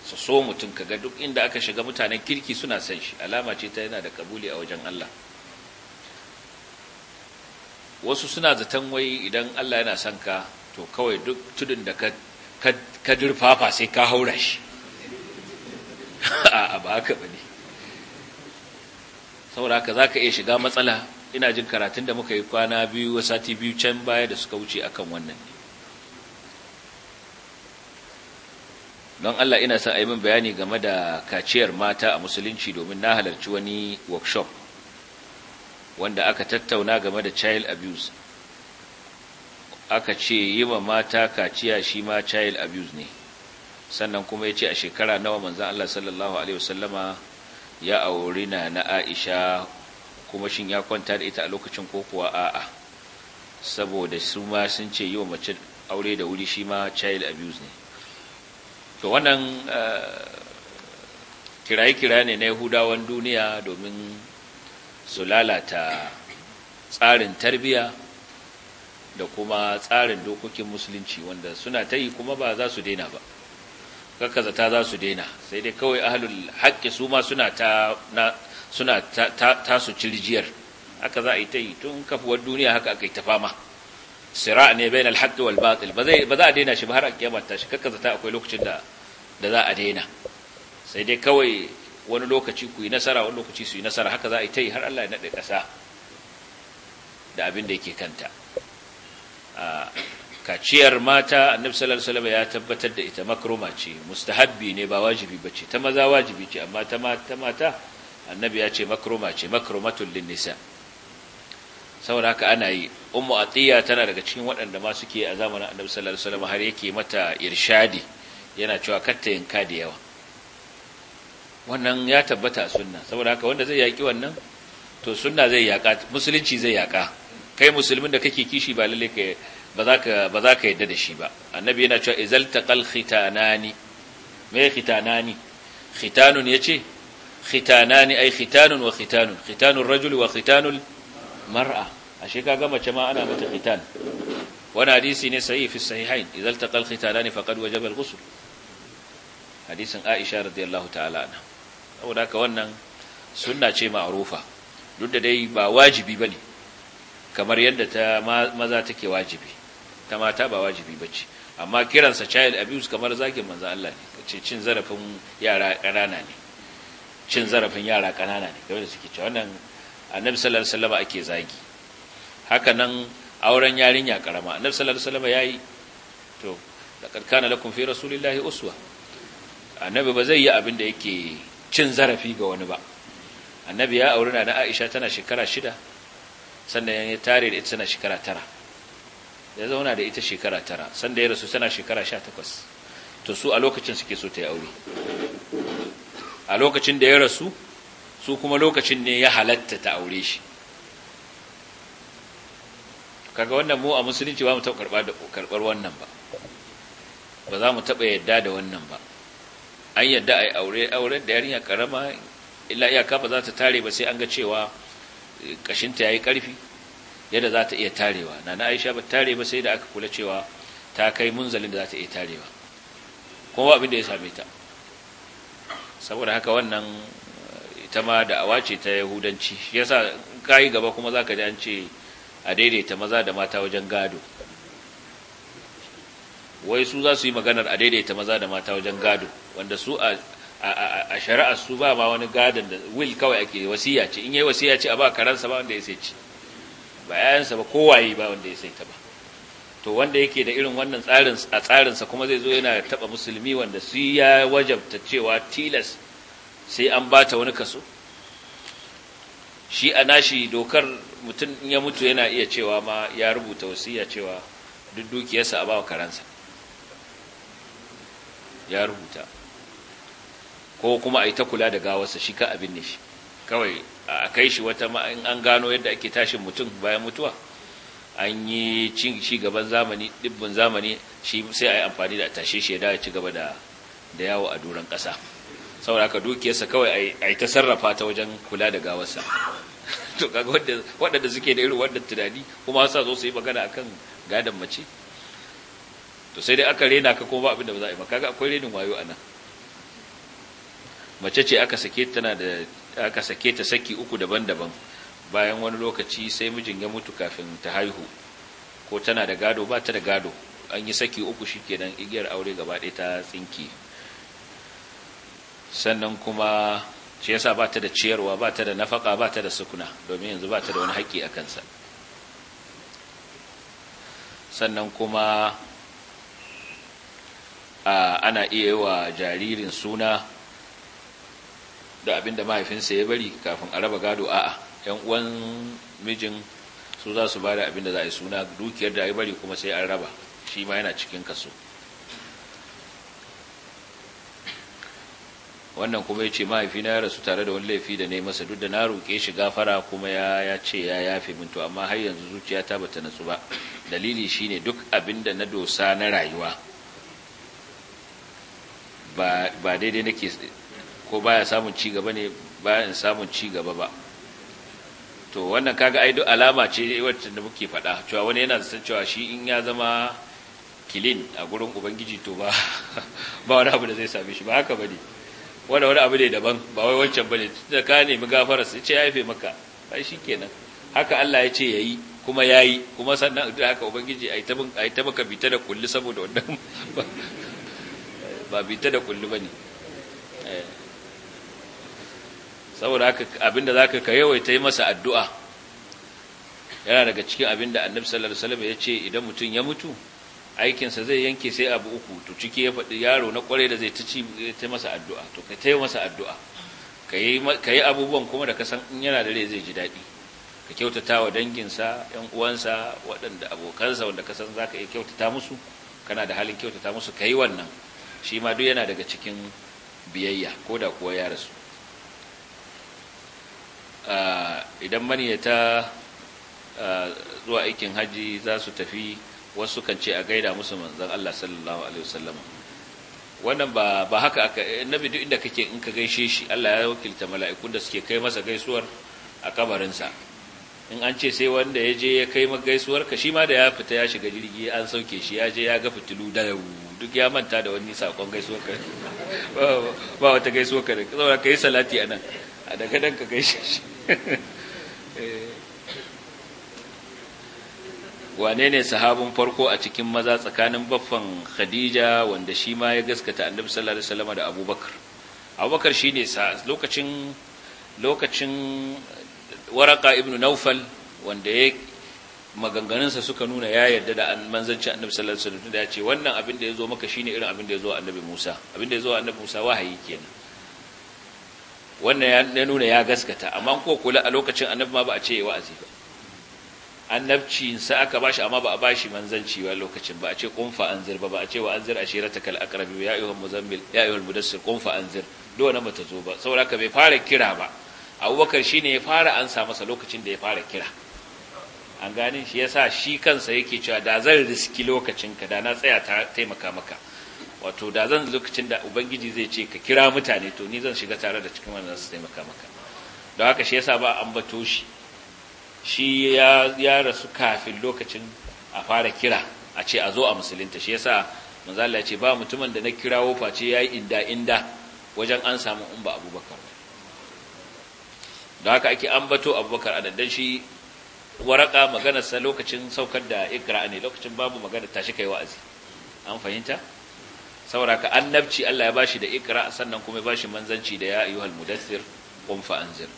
su so mutum ga duk inda aka shiga mutanen kirki suna san shi alama ce ta yana da kabuli a wajen Allah wasu suna zaton wai idan Allah yana son ka to kawai duk tudun da ka durfafa sai ka haura shi [laughs] a ba haka ba ne saboda haka za ka iya shiga matsala ina jin karatun da muka yi kwana biyu sati biyu can baya da suka wuce akan wannan don Allah ina son a yi min bayani game da kaciyar mata a musulunci domin na halarci wani workshop wanda aka tattauna game da child abuse aka ce yi wa mata kaciya shi ma child abuse ne sannan kuma ya ce a shekara nawa manzan Allah sallallahu Alaihi wasallama ya auri na na Aisha kuma shin ya kwanta da ita a lokacin kokowa kuwa a'a saboda su ma sun ce yi wa mace aure da wuri shi ma child abuse ne to wannan eh, kiraye-kiraye ne na yahudawan duniya domin su lalata tsarin tarbiyya da kuma tsarin dokokin musulunci wanda suna ta yi kuma ba za su daina ba ta za su daina sai dai kawai ahalul haƙƙi su ma suna ta suna ta, ta su cirjiyar haka za a yi ta yi tun kafuwar duniya haka aka yi ta fama sira ne bainal na wal walbatil ba zai za a daina shi ba har a kiyama ta shi kakkaza ta akwai lokacin da za a daina sai dai kawai wani lokaci ku yi nasara wani lokaci su yi nasara haka za a yi ta yi har Allah ya naɗe kasa da abin da yake kanta kaciyar mata annabi sallallahu alaihi ya tabbatar da ita makruma ce mustahabbi ne ba wajibi ce. ta maza wajibi ce amma ta mata mata annabi ya ce makruma ce makrumatul linnisa saboda haka ana yi ummu atiya tana daga cikin waɗanda ma suke a zamanin annabi sallallahu alaihi wasallam har yake mata irshadi yana cewa katta yanka da yawa wannan ya tabbata sunna saboda haka wanda zai yaki wannan to sunna zai yaka musulunci zai yaka kai musulmin da kake kishi ba lalle ka ba za ka ba za ka yadda da shi ba annabi yana cewa izal taqal khitanani me khitanani khitanun yace khitanani ay khitanun wa khitanun khitanur rajuli wa khitanul mar'a ashe kaga mace ma ana mata khitan wani hadisi ne sai fi sahihain idan taqal khitanani faqad wajaba al-ghusl hadisin Aisha radiyallahu ta'ala anha saboda haka wannan sunna ce ma'rufa duk da dai ba wajibi bane kamar yadda ta maza take wajibi ta mata ba wajibi bace amma kiransa child abuse kamar zagin manzo Allah ne ce cin zarafin yara ƙanana ne cin zarafin yara ƙanana ne kamar da suke cewa wannan annabi sallallahu alaihi wasallam ake zagi haka nan auren yarinya karama annabi sallallahu alaihi wasallam yayi to laqad kana lakum fi rasulillahi uswa annabi ba zai yi abin da yake cin zarafi ga wani ba annabi ya auri na Aisha tana shekara shida sannan ya tare da ita tana shekara tara ya zauna da ita shekara tara sannan ya rasu tana shekara sha takwas to su a lokacin suke so ta yi aure a lokacin da ya rasu su kuma lokacin ne ya halatta ta aure shi kaga wannan mu a musulunci ba mu taɓa karɓar wannan ba ba za mu taɓa yadda da wannan ba an yadda a yi aure aure da yarinya karama illa iyaka ba za ta tare ba sai an ga cewa kashinta eh, ya yi ƙarfi yadda za ta iya tarewa na na aisha ba tare ba sai da aka kula cewa ta kai munzalin da za ta iya tarewa kuma abin da ya same ta saboda haka wannan ita ma da'awa ce ta yahudanci yasa yi gaba kuma zaka ji an ce a daidaita maza da mata wajen gado wai su za su yi maganar a daidaita maza da mata wajen gado wanda su a a shari'ar su ba ma wani gadon da will kawai ake wasiya ce in yayi wasiya ce a ba karansa ba wanda ya sai ci ba yayansa ba kowaye ba wanda ya sai ta ba to wanda yake da irin wannan tsarin a tsarinsa kuma zai zo yana taba musulmi wanda su ya wajabta cewa tilas sai an ba ta wani kaso shi a nashi dokar mutum ya mutu yana iya cewa ma ya rubuta wasiya cewa duk dukiyarsa a bawa karansa ya rubuta ko kuma a yi ta kula da gawarsa shi ka abin ne shi kawai a kai shi wata in an gano yadda ake tashin mutum bayan mutuwa an yi ci gaban zamani dibbin zamani shi sai a yi amfani da tashe shi ya dawo ci gaba da yawo a doron ƙasa saboda haka dukiyarsa kawai a yi ta sarrafa ta wajen kula da gawarsa [laughs] to kaga waɗanda suke da irin wannan tunani kuma sa zo su yi magana akan gadon mace to sai dai aka rena ka kuma ba abin da za a yi ba kaga akwai renin wayo a nan mace ce aka sake tana da aka sake ta saki uku daban-daban bayan wani lokaci sai mijin ya mutu kafin ta haihu ko tana da gado ba ta da gado an yi saki uku shikenan igiyar aure gaba ɗaya ta tsinke sannan kuma shi yasa ba ta da ciyarwa ba ta da nafaka ba ta da sukuna domin yanzu ba ta da wani haƙƙi a kansa sannan kuma ana iya wa jaririn suna da abinda mahaifinsa ya bari kafin a raba gado a'a yan uwan mijin su za su ba da abinda za a yi suna dukiyar da ya bari kuma sai an raba shi ma yana cikin kaso wannan kuma ya ce mahaifina ya rasu tare da wani laifi da ne masa duk da na roƙe shi gafara kuma ya ya ce ya yafe min amma har yanzu zuciyata bata natsu ba dalili shine duk abin da na dosa na rayuwa ba ba daidai nake ko baya samun ci gaba ne bayan samun ci gaba ba to wannan kaga ai duk alama ce wacce da muke faɗa cewa wani yana san cewa shi in ya zama kilin a gurin ubangiji to ba [laughs] ba wani abu da zai same shi ba haka bane wani wani abu ne daban ba wai wancan bane da ka nemi gafara sai ce ya yafe maka ai shikenan haka Allah ya ce ya yi kuma ya yi kuma sannan da haka ubangiji a yi ta maka bita da kulli saboda wannan ba bita da kulli ba ne eh. saboda haka abinda za ka yawaita yi masa addu'a yana daga cikin abinda annabi sallallahu alaihi wasallam ya ce idan mutum ya mutu aikinsa zai yanke sai abu uku to ciki ya faɗi yaro na kwarai da zai ta masa addu'a to ka ta masa addu'a ka yi abubuwan kuma da kasan in yana da rai zai ji daɗi ka kyautata wa danginsa ‘yan uwansa waɗanda abokansa wanda kasan za ka iya kyautata musu kana da halin kyautata musu ka yi wannan shi ma duk yana daga cikin biyayya ko da kuwa ya rasu idan maniyata zuwa aikin hajji za su tafi wasu kan ce a gaida musu manzon Allah sallallahu alaihi wasallam wannan ba ba haka aka eh, annabi duk inda kake in ka gaishe shi Allah ya wakilta mala'ikun da suke kai masa gaisuwar a kabarinsa in an ce sai wanda ya je ya kai maka gaisuwar ka shi ma da ya fita ya shiga jirgi an sauke shi ya je ya ga fitilu da duk ya manta da wani sakon gaisuwar ka ba wata gaisuwar ka da saboda kai salati anan a daga dan ka gaishe shi [laughs] eh, wane ne sahabin farko a cikin maza tsakanin baffan khadija wanda shi ma ya gaskata annabi sallallahu alaihi wasallam da abubakar abubakar shi ne lokacin lokacin waraka ibnu naufal wanda ya maganganunsa suka nuna ya yarda da manzancin annabi sallallahu alaihi wasallam da ya ce wannan abin da ya zo maka shine irin abin da ya zo annabi musa abin da ya zo annabi musa wahayi kenan wannan ya nuna ya gaskata amma ko kula a lokacin annabi ma ba a ce wa'azi ba annabcinsa aka bashi amma ba a bashi manzanci ba lokacin ba a ce kunfa anzir ba ba a ce wa anzir ashiratakal aqrabi ya ayyuhal muzammil ya ayyuhal mudassir kunfa anzir dole na ta zo ba saboda ka bai fara kira ba abubakar shine ya fara ansa masa lokacin da ya fara kira an gane shi yasa shi kansa yake cewa da zan riski lokacin ka da na tsaya ta taimaka maka wato da zan lokacin da ubangiji zai ce ka kira mutane to ni zan shiga tare da cikin wannan su taimaka maka don haka shi yasa ba an bato shi shi ya rasu kafin lokacin a fara kira a ce a zo a musulunta shi yasa manzo Allah ya ce ba mutumin da na kirawo face yayi inda inda wajen an samu umba Abubakar da haka ake ambato Abubakar a daddan shi waraka magana sa lokacin saukar da Iqra ne lokacin babu magana tashi kai wa'azi an fahimta saboda ka annabci Allah ya bashi da ikra sannan kuma ya bashi manzanci da ya ayyuhal mudassir qum fa anzir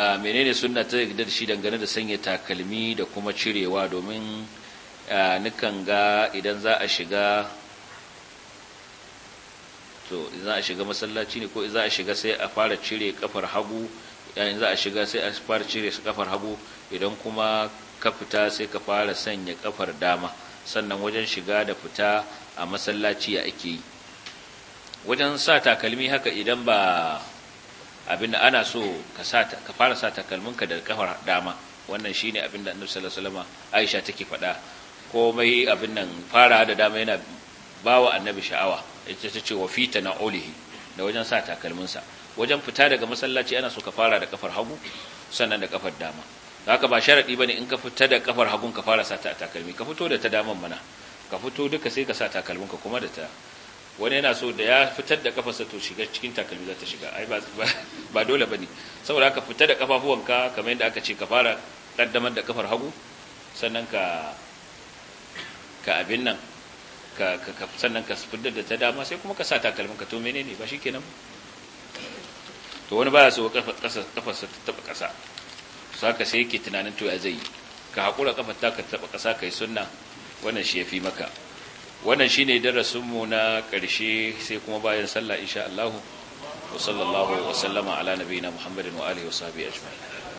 Ah, menene suna ta da shi dangane da sanya takalmi da kuma cirewa domin ah, nukan ga idan za a shiga to za a shiga masallaci ne ko za a shiga sai a fara cire kafar hagu yayin ah, za a shiga sai a fara cire kafar hagu idan kuma ka fita sai ka fara sanya kafar dama sannan wajen shiga da fita a masallaci ya ake yi wajen sa takalmi haka idan ba abinda ana so ka sata ka fara sa kalmunka da kafar dama wannan shine abinda Annabi sallallahu alaihi wasallam Aisha take faɗa komai abin nan fara da dama yana bawa Annabi sha'awa ita ta ce wa fita na da wajen sa takalminsa wajen fita daga masallaci ana so ka fara da kafar hagu sannan da kafar dama haka ba sharadi bane in ka fita da kafar hagun ka fara sa ta takalmi ka fito da ta daman mana ka fito duka sai ka sa takalminka kuma da ta wani yana so da ya fitar da kafarsa to shiga cikin takalmi za ta shiga ai ba dole ba ne saboda haka fitar da kafafuwanka kamar yadda aka ce ka fara ɗaddamar da kafar hagu sannan ka ka abin nan ka sannan ka fitar da ta dama sai kuma ka sa takalmin ka to menene ba shikenan to wani baya so kafarsa ta taba ƙasa saka sai yake tunanin to ya zai ka haƙura kafar ta ka taba ƙasa kai sunna wannan shi ya fi maka wannan shine darasinmu na ƙarshe sai kuma bayan sallah insha Allah wa sallallahu wa sallama ala nabiyina Muhammadin wa alihi wa sahbihi ajma'in